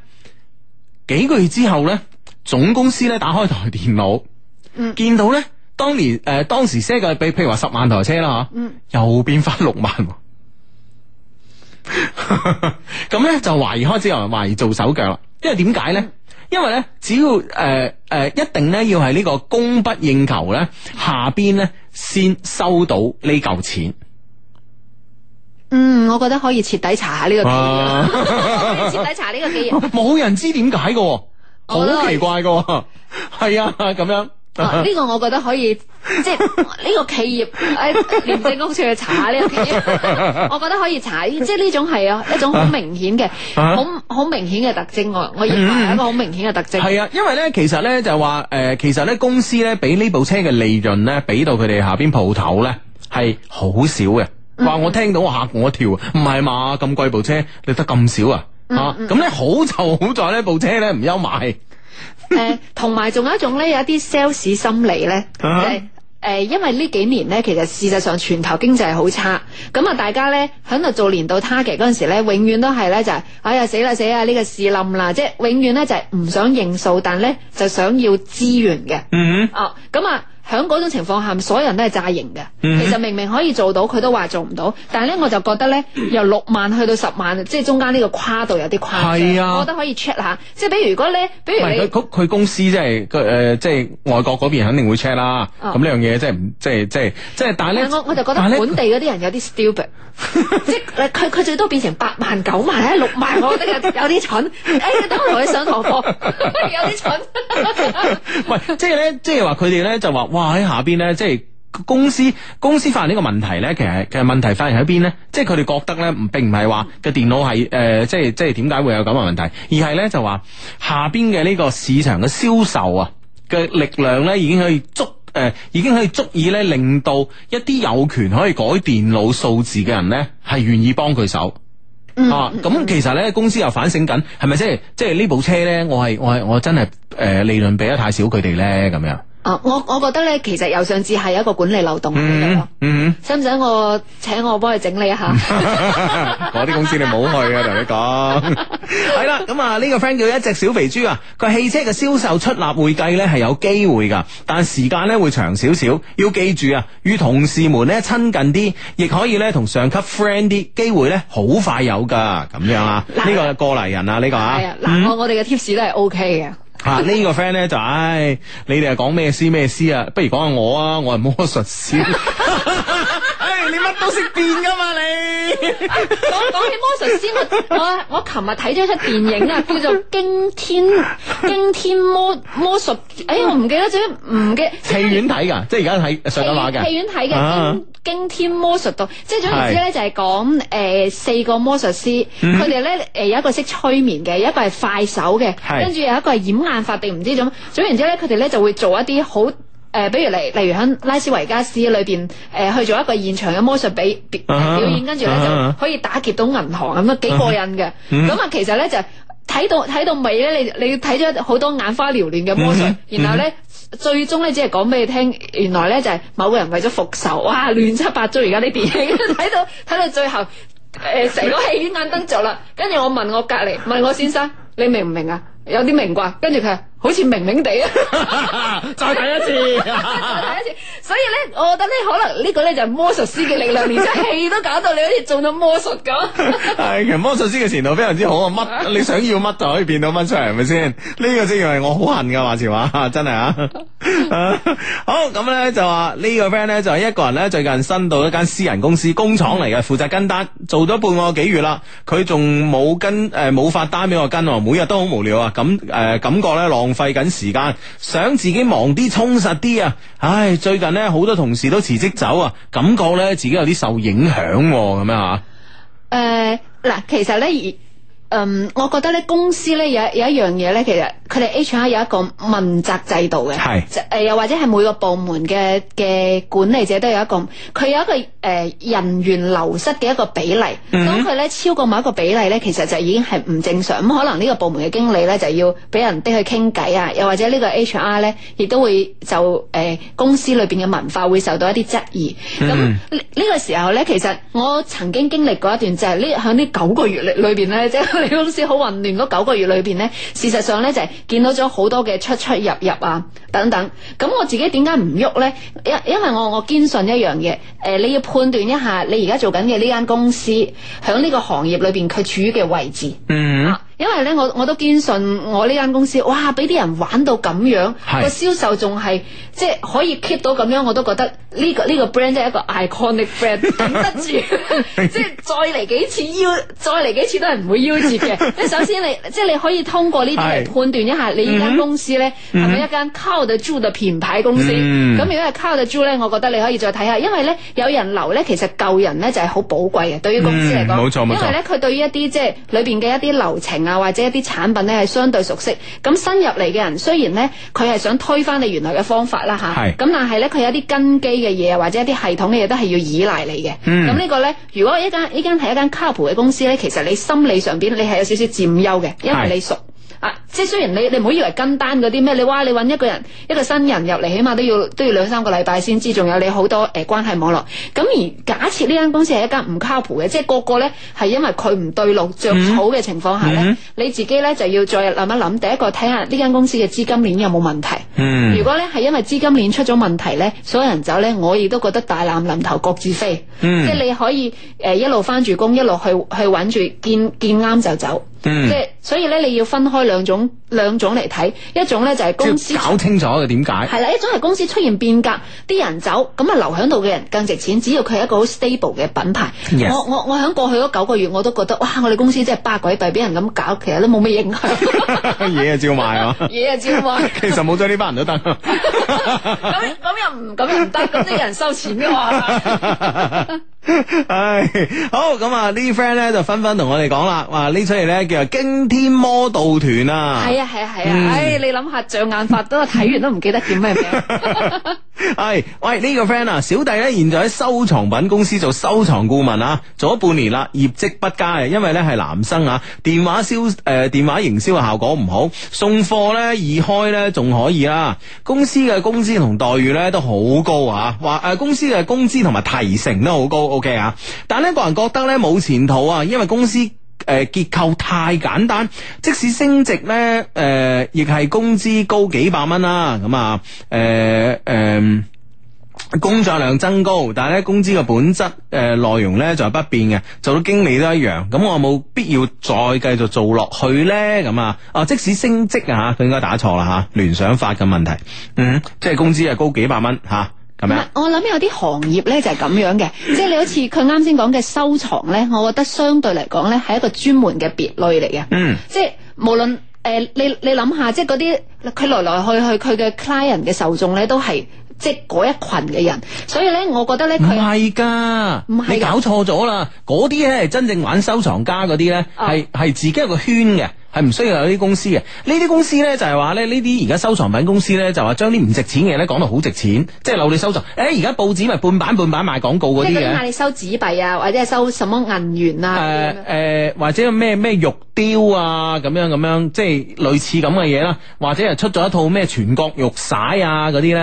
幾個月之後咧，總公司咧打開台電腦，嗯，見到咧當年誒、呃、當時 set 嘅比譬如話十萬台車啦吓，嗯，又變翻六,六萬。六萬六萬六萬。咁 *laughs* 咧就懷疑開始有人懷疑做手腳啦，因為點解咧？因為咧只要誒誒、呃呃，一定咧要係呢個供不應求咧，下邊咧先收到呢嚿錢。嗯，我覺得可以徹底查下呢個企業，徹 *laughs* *laughs* 底查呢個企業，冇、啊、人知點解嘅，好 *laughs* 奇怪嘅，係 *laughs* *laughs* 啊咁樣。呢、啊，這個我覺得可以，即係呢 *laughs* 個企業，廉、哎、政公署去查呢個企業， *laughs* *laughs* 我覺得可以查。即係呢種係啊，一種好明顯嘅、啊，好好、嗯、明顯嘅特徵、啊。我我認為係一個好明顯嘅特徵。係啊，因為咧，其實咧就係話，誒、呃，其實咧公司咧俾呢部車嘅利潤咧，俾到佢哋下邊鋪頭咧，係好少嘅。話我聽到我嚇我一跳，唔係嘛？咁貴部車，你得咁少啊？啊！咁咧好就好在呢部車咧唔憂賣。 *laughs* *laughs* 誒，同埋仲有一種咧，有一啲 sales 心理咧，誒、uh huh. 呃，因為呢幾年咧，其實事實上全球經濟係好差，咁啊，大家咧喺度做年度 target 嗰陣時咧，永遠都係咧就係、是，哎呀死啦死啦，呢、這個事冧啦，即係永遠咧就係唔想認數，但咧就想要資源嘅，嗯、uh，huh. 哦，咁啊。響嗰種情況下，所有人都係詐型嘅。嗯、其實明明可以做到，佢都話做唔到。但係咧，我就覺得咧，由六萬去到十萬，即、就、係、是、中間呢個跨度有啲誇張。啊，我覺得可以 check 下。即係比如如果咧，比如佢公司即係誒，即、呃、係、就是、外國嗰邊肯定會 check 啦。咁呢、哦、樣嘢即係即係即係即係，但係咧，我、嗯、我就覺得本地嗰啲人有啲 stupid、啊。即係佢佢最多變成八萬九萬六萬，我覺得有啲蠢、哎。等我同你上堂課，課， *laughs* 有啲點蠢。喂，即係咧，即係話佢哋咧就話、哇 *laughs* 喺、啊、下邊咧，即係公司公司發現呢個問題咧，其實其實問題發現喺邊咧，即係佢哋覺得咧，並唔係話個電腦係誒，即係即係點解會有咁嘅問題，而係咧就話下邊嘅呢個市場嘅銷售啊嘅力量咧，已經可以足誒，已經可以足以咧令到一啲有權可以改電腦數字嘅人咧，係願意幫佢手啊。咁其實咧，公司又反省緊，係咪即係即係呢部車咧？我係我係我真係誒，利潤俾得太少佢哋咧，咁樣。啊，uh, 我我覺得咧，其實由上至係一個管理漏洞嗯，使唔使我請我幫你整理一下？我 *laughs* 啲 *laughs* 公司你冇去啊，同你講。係 *laughs* 啦，咁啊，呢個 friend 叫一隻小肥豬啊，佢，汽車嘅銷售出納會計咧係有機會噶，但係時間咧會長少少。要記住啊，與同事們咧親近啲，亦可以咧同上級 friend 啲，機會咧好快有噶。咁樣啊，呢、 *laughs* 啊、個過嚟人啊，呢、這個啊。嗱，我我哋嘅 tips 都係 OK 嘅。啊！這個、呢個 friend 咧就唉，你哋係講咩師咩師啊？不如講下我啊，我係魔術師。 *laughs* *laughs* 你乜都識變噶嘛，你？講 *laughs* 講、啊、起魔術師，我我琴日睇咗一出電影啊，叫做《驚天驚天魔魔術》。哎，我唔記得咗，唔記。戲院睇噶，即係而家係上架嘅。戲院睇嘅《驚驚、啊啊、天魔術》度，即係總言之咧就係講誒四個魔術師，佢哋咧誒有一個識催眠嘅，有一個係快手嘅，跟住有一個係掩是眼法，定唔知做咩。總言之咧，佢哋咧就會做一啲好。誒、呃，比如例例如喺拉斯維加斯裏邊，誒、呃、去做一個現場嘅魔術比表、呃啊、表演，跟住咧就可以打劫到銀行咁啊，幾過癮嘅。咁啊、嗯，其實咧就睇到睇到尾咧，你你睇咗好多眼花繚亂嘅魔術，然後咧最終咧只係講俾你聽，原來咧就係、是、某個人為咗復仇，哇亂七八糟！而家呢部電影睇到睇到最後，誒、呃、成個戲院眼燈着啦，跟住我問我隔籬問我先生，你明唔明啊？有啲明啩，跟住佢。好似明明地啊， *laughs* *laughs* 再睇一次， *laughs* *laughs* 再睇一次。所以咧，我覺得咧，可能呢個咧就係魔術師嘅力量， *laughs* 連戲都搞到你好似中咗魔術咁。係、 *laughs* *laughs* 哎，其實魔術師嘅前途非常之好啊！乜你想要乜就可以變到乜出嚟，係咪先？呢、這個正因為我好恨噶華少話，真係啊。 *laughs* 好，咁咧就話、這個、呢個 friend 咧就係、是、一個人咧，最近新到一間私人公司，工廠嚟嘅，負責跟單，做咗半個幾月啦。佢仲冇跟誒冇、呃、發單俾我跟啊，每日都好無聊啊。咁誒、呃、感覺咧浪費緊時間，想自己忙啲充實啲啊！唉，最近咧好多同事都辭職走啊，感覺咧自己有啲受影響咁樣吓，誒，嗱、呃，其實咧嗯，um, 我覺得咧，公司咧有有一樣嘢咧，其實佢哋 HR 有一個問責制度嘅，係誒是又或者係每個部門嘅嘅管理者都有一個佢有一個誒、呃、人員流失嘅一個比例，咁佢咧超過某一個比例咧，其實就已經係唔正常，咁可能呢個部門嘅經理咧就要俾人逼去傾偈啊，又或者呢個 HR 咧亦都會就誒、呃、公司裏邊嘅文化會受到一啲質疑，咁呢、mm hmm. 呢個時候咧，其實我曾經經歷過一段就係呢響呢九個月裏裏邊咧即。 *laughs* 你公司好混亂，嗰九個月裏邊呢，事實上呢，就係、是、見到咗好多嘅出出入入啊等等。咁我自己點解唔喐呢？因因為我我堅信一樣嘢，誒、呃、你要判斷一下你而家做緊嘅呢間公司喺呢個行業裏邊佢處於嘅位置。嗯，mm. 因為呢，我我都堅信我呢間公司，哇！俾啲人玩到咁樣，個銷是售仲係即係可以 keep 到咁樣，我都覺得。呢、這個呢、這個 brand 真係一個 iconic brand，頂得住， *laughs* *laughs* 即係再嚟幾次要再嚟幾次都係唔會夭折嘅。即係 *laughs* 首先你，即係你可以通過呢啲嚟判斷一下是你呢間公司咧係咪一間靠得住嘅品牌公司。咁、嗯、如果係靠得住咧，我覺得你可以再睇下，因為咧有人留咧，其實舊人咧就係、是、好寶貴嘅，對於公司嚟講冇錯，冇錯。因為咧佢對於一啲即係裏邊嘅一啲流程啊，或者一啲產品咧係相對熟悉。咁新入嚟嘅人雖然咧佢係想推翻你原來嘅方法啦吓，咁是是但係咧佢有啲根基。嘅嘢或者一啲系統嘅嘢都係要依賴你嘅。嗯，咁呢個咧，如果一間呢間係一間靠譜嘅公司咧，其實你心理上邊你係有少少佔優嘅，因為你熟。啊！即係雖然你你唔好以為跟單嗰啲咩，你話你搵一個人一個新人入嚟，起碼都要都要兩三個禮拜先知。仲有你好多誒、呃、關係網絡。咁而假設呢間公司係一間唔靠譜嘅，即係個個呢係因為佢唔對路着草嘅情況下呢，嗯嗯、你自己呢就要再諗一諗。第一個睇下呢間公司嘅資金鏈有冇問題。嗯、如果呢係因為資金鏈出咗問題呢，所有人走呢，我亦都覺得大難臨頭各自飛。嗯、即係你可以誒一路翻住工，一路去去揾住見見啱就走。即係、嗯、所以咧，你要分開兩種兩種嚟睇，一種咧就係公司搞清楚嘅點解係啦，一種係公司出現變革，啲人走，咁啊留喺度嘅人更值錢。只要佢係一個好 stable 嘅品牌，Yes. 我我我喺過去嗰九個月，我都覺得哇，我哋公司真係巴鬼閉，俾人咁搞，其實都冇咩影響。嘢 *laughs* 買啊 *laughs* 照賣買嗬，嘢 *laughs* 照賣其實冇咗呢班人都得。咁 *laughs* 咁 *laughs* 又唔咁又唔得，咁有人收錢嘅話， *laughs* *laughs* 唉，好咁啊，分分呢啲 friend 咧就紛紛同我哋講啦，哇，呢出嘢咧。驚天魔盜團啊！係啊係啊係啊！唉、啊啊嗯哎，你諗下障眼法都，都睇完都唔記得叫咩名。係 *laughs* *laughs* 喂呢、呢個 friend 啊，小弟呢，現在喺收藏品公司做收藏顧問啊，做咗半年啦，業績不佳啊，因為呢係男生啊，電話銷誒、呃、電話營銷嘅效果唔好，送貨呢，易開呢，仲可以啦、啊。公司嘅工資同待遇呢都好高啊，話、呃、誒，公司嘅工資同埋提成都好高，OK 啊？但呢個人覺得呢冇前途啊，因為公司。誒，結構太簡單，即使升職呢，誒、呃，亦係工資高幾百蚊啦。咁啊，誒誒、啊呃呃，工作量增高，但係咧工資嘅本質，誒、呃，內容呢就係不變嘅。做到經理都一樣，咁我冇必要再繼續做落去呢。咁啊，啊，即使升職啊，吓，應該打錯啦，吓，聯想法嘅問題，嗯，即係工資係高幾百蚊吓。啊唔係我諗有啲行業咧就係咁樣嘅， *laughs* 即係你好似佢啱先講嘅收藏咧，我覺得相對嚟講咧係一個專門嘅別類嚟嘅。嗯，即係無論誒、呃，你你諗下，即係嗰啲佢來來去去佢嘅 client 嘅受眾咧，都係即係嗰一群嘅人，所以咧，我覺得咧，唔係㗎，你搞錯咗啦，嗰啲咧真正玩收藏家嗰啲咧，係係、哦、自己一個圈嘅。係唔需要有啲公司嘅。呢啲公司咧就係話咧，呢啲而家收藏品公司咧就話將啲唔值錢嘅嘢咧講到好值錢，即、就、係、是、流利收藏。誒、欸，而家報紙咪半版半版賣廣告嗰啲嘅。即係嗌你收紙幣啊，或者係收什麼銀元啊。誒誒、呃呃，或者咩咩玉雕啊，咁樣咁樣，即係類似咁嘅嘢啦。或者係出咗一套咩全國玉璽啊嗰啲咧。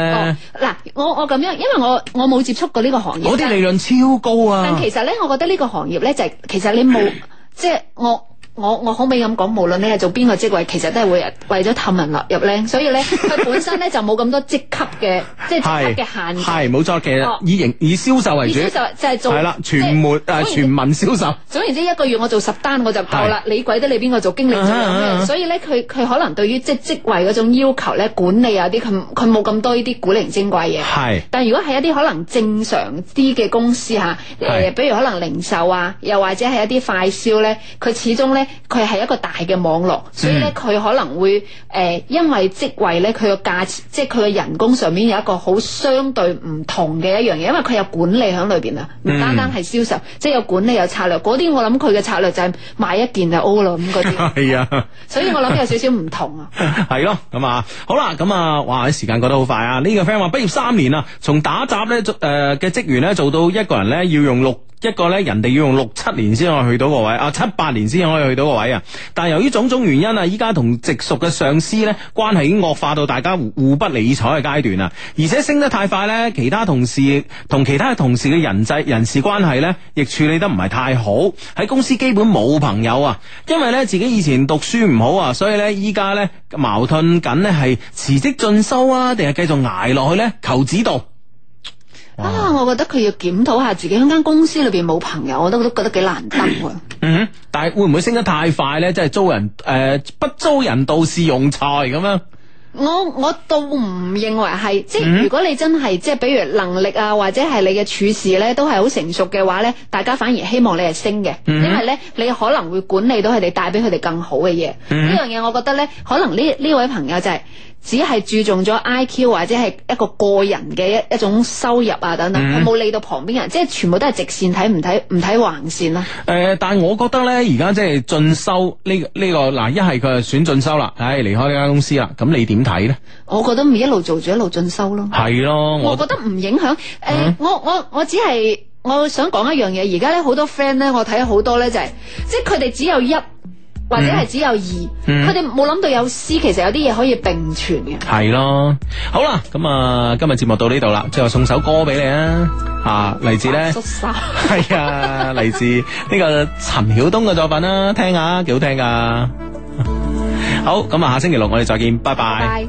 嗱、哦，我我咁樣，因為我我冇接觸過呢個行業。嗰啲利潤超高啊！但其實咧，我覺得呢個行業咧就係、是、其實你冇 *laughs* 即係我。我我可唔可以咁講，無論你係做邊個職位，其實都係會為咗氹人落入僆，所以咧佢本身咧就冇咁多職級嘅 *laughs* 即係職級嘅限制。係冇錯，其 *noise* 實以營以銷售為主。即係 *noise* 做係啦，傳媒啊，即全民銷售。總言之，一個月我做十單我就夠啦。 *noise* 你鬼得你邊個做經理做咩？ *noise* 所以咧，佢佢可能對於即係職位嗰種要求咧，管理有啲佢佢冇咁多呢啲古靈精怪嘢。係 *noise* 是。但如果係一啲可能正常啲嘅公司嚇，誒、呃，比如可能零售啊，又或者係一啲快銷咧，佢始終咧。佢係一個大嘅網絡，所以咧佢可能會誒、呃，因為職位咧佢嘅價錢，即係佢嘅人工上面有一個好相對唔同嘅一樣嘢，因為佢有管理喺裏邊啊，唔單單係銷售，嗯、即係有管理有策略嗰啲，我諗佢嘅策略就係買一件就 O 咯咁嗰啲。係 *laughs* 是啊，所以我諗有少少唔同啊。係咯， *laughs* *laughs* *laughs* 咁啊，好啦，咁啊，哇，啲時間過得好快啊！呢、這個 friend 話畢業三年啦，從打雜咧誒嘅職員咧做到一個人咧要用六。一個咧，人哋要用六七年先可以去到個位啊，七八年先可以去到個位啊。但由於種種原因啊，依家同直屬嘅上司咧關係已經惡化到大家互不理睬嘅階段啊。而且升得太快咧，其他同事同其他同事嘅人際人事關係咧，亦處理得唔係太好。喺公司基本冇朋友啊，因為咧自己以前讀書唔好啊，所以咧依家咧矛盾緊呢係辭職進修啊，定係繼續捱落去咧？求指導。啊！哇我覺得佢要檢討下自己喺間公司裏邊冇朋友，我都都覺得幾難得啊！嗯，但係會唔會升得太快呢？即係遭人誒、呃、不遭人妒是庸才咁樣？我我倒唔認為係，即係、嗯、哼如果你真係即係，比如能力啊，或者係你嘅處事呢，都係好成熟嘅話呢，大家反而希望你係升嘅，嗯、哼因為呢，你可能會管理到佢哋，帶俾佢哋更好嘅嘢。呢、嗯、哼樣嘢我覺得呢，可能呢呢位朋友就係、是。只係注重咗 IQ 或者係一個個人嘅一一種收入啊等等，我冇、嗯、理到旁邊人，即係全部都係直線睇，唔睇唔睇橫線啦、啊。誒、呃，但係我覺得咧，而、這個這個哎、家即係進修呢呢個嗱，一係佢係選進修啦，唉，離開呢間公司啦，咁你點睇咧？我覺得咪一路做住一路進修咯。係咯，我覺得唔影響。誒、呃嗯，我我我只係我想講一樣嘢，而家咧好多 friend 咧，我睇好多咧就係、是，即係佢哋只有一。或者係只有二，佢哋冇諗到有詩，其實有啲嘢可以並存嘅。係咯，好啦，咁啊，今日節目到呢度啦，最後送首歌俾你啊，吓，嚟自咧，係啊，嚟自呢個陳曉東嘅作品啦，聽下，幾好聽噶。好，咁啊，下星期六我哋再見，拜拜。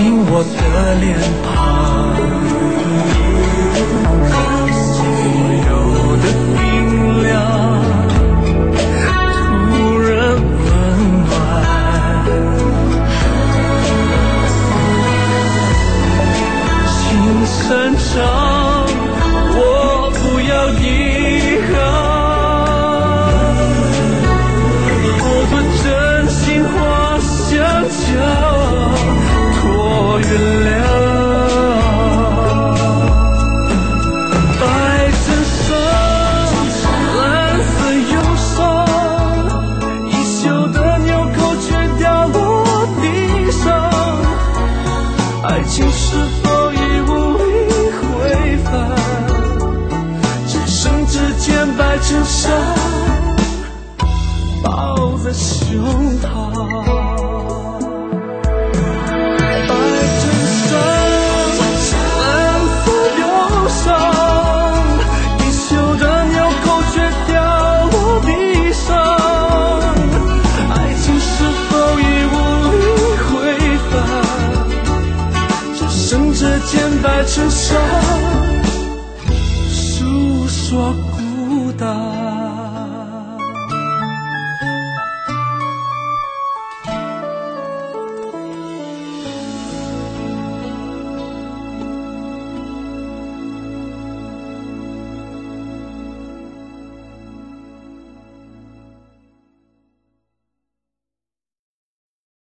親我的臉龐。有。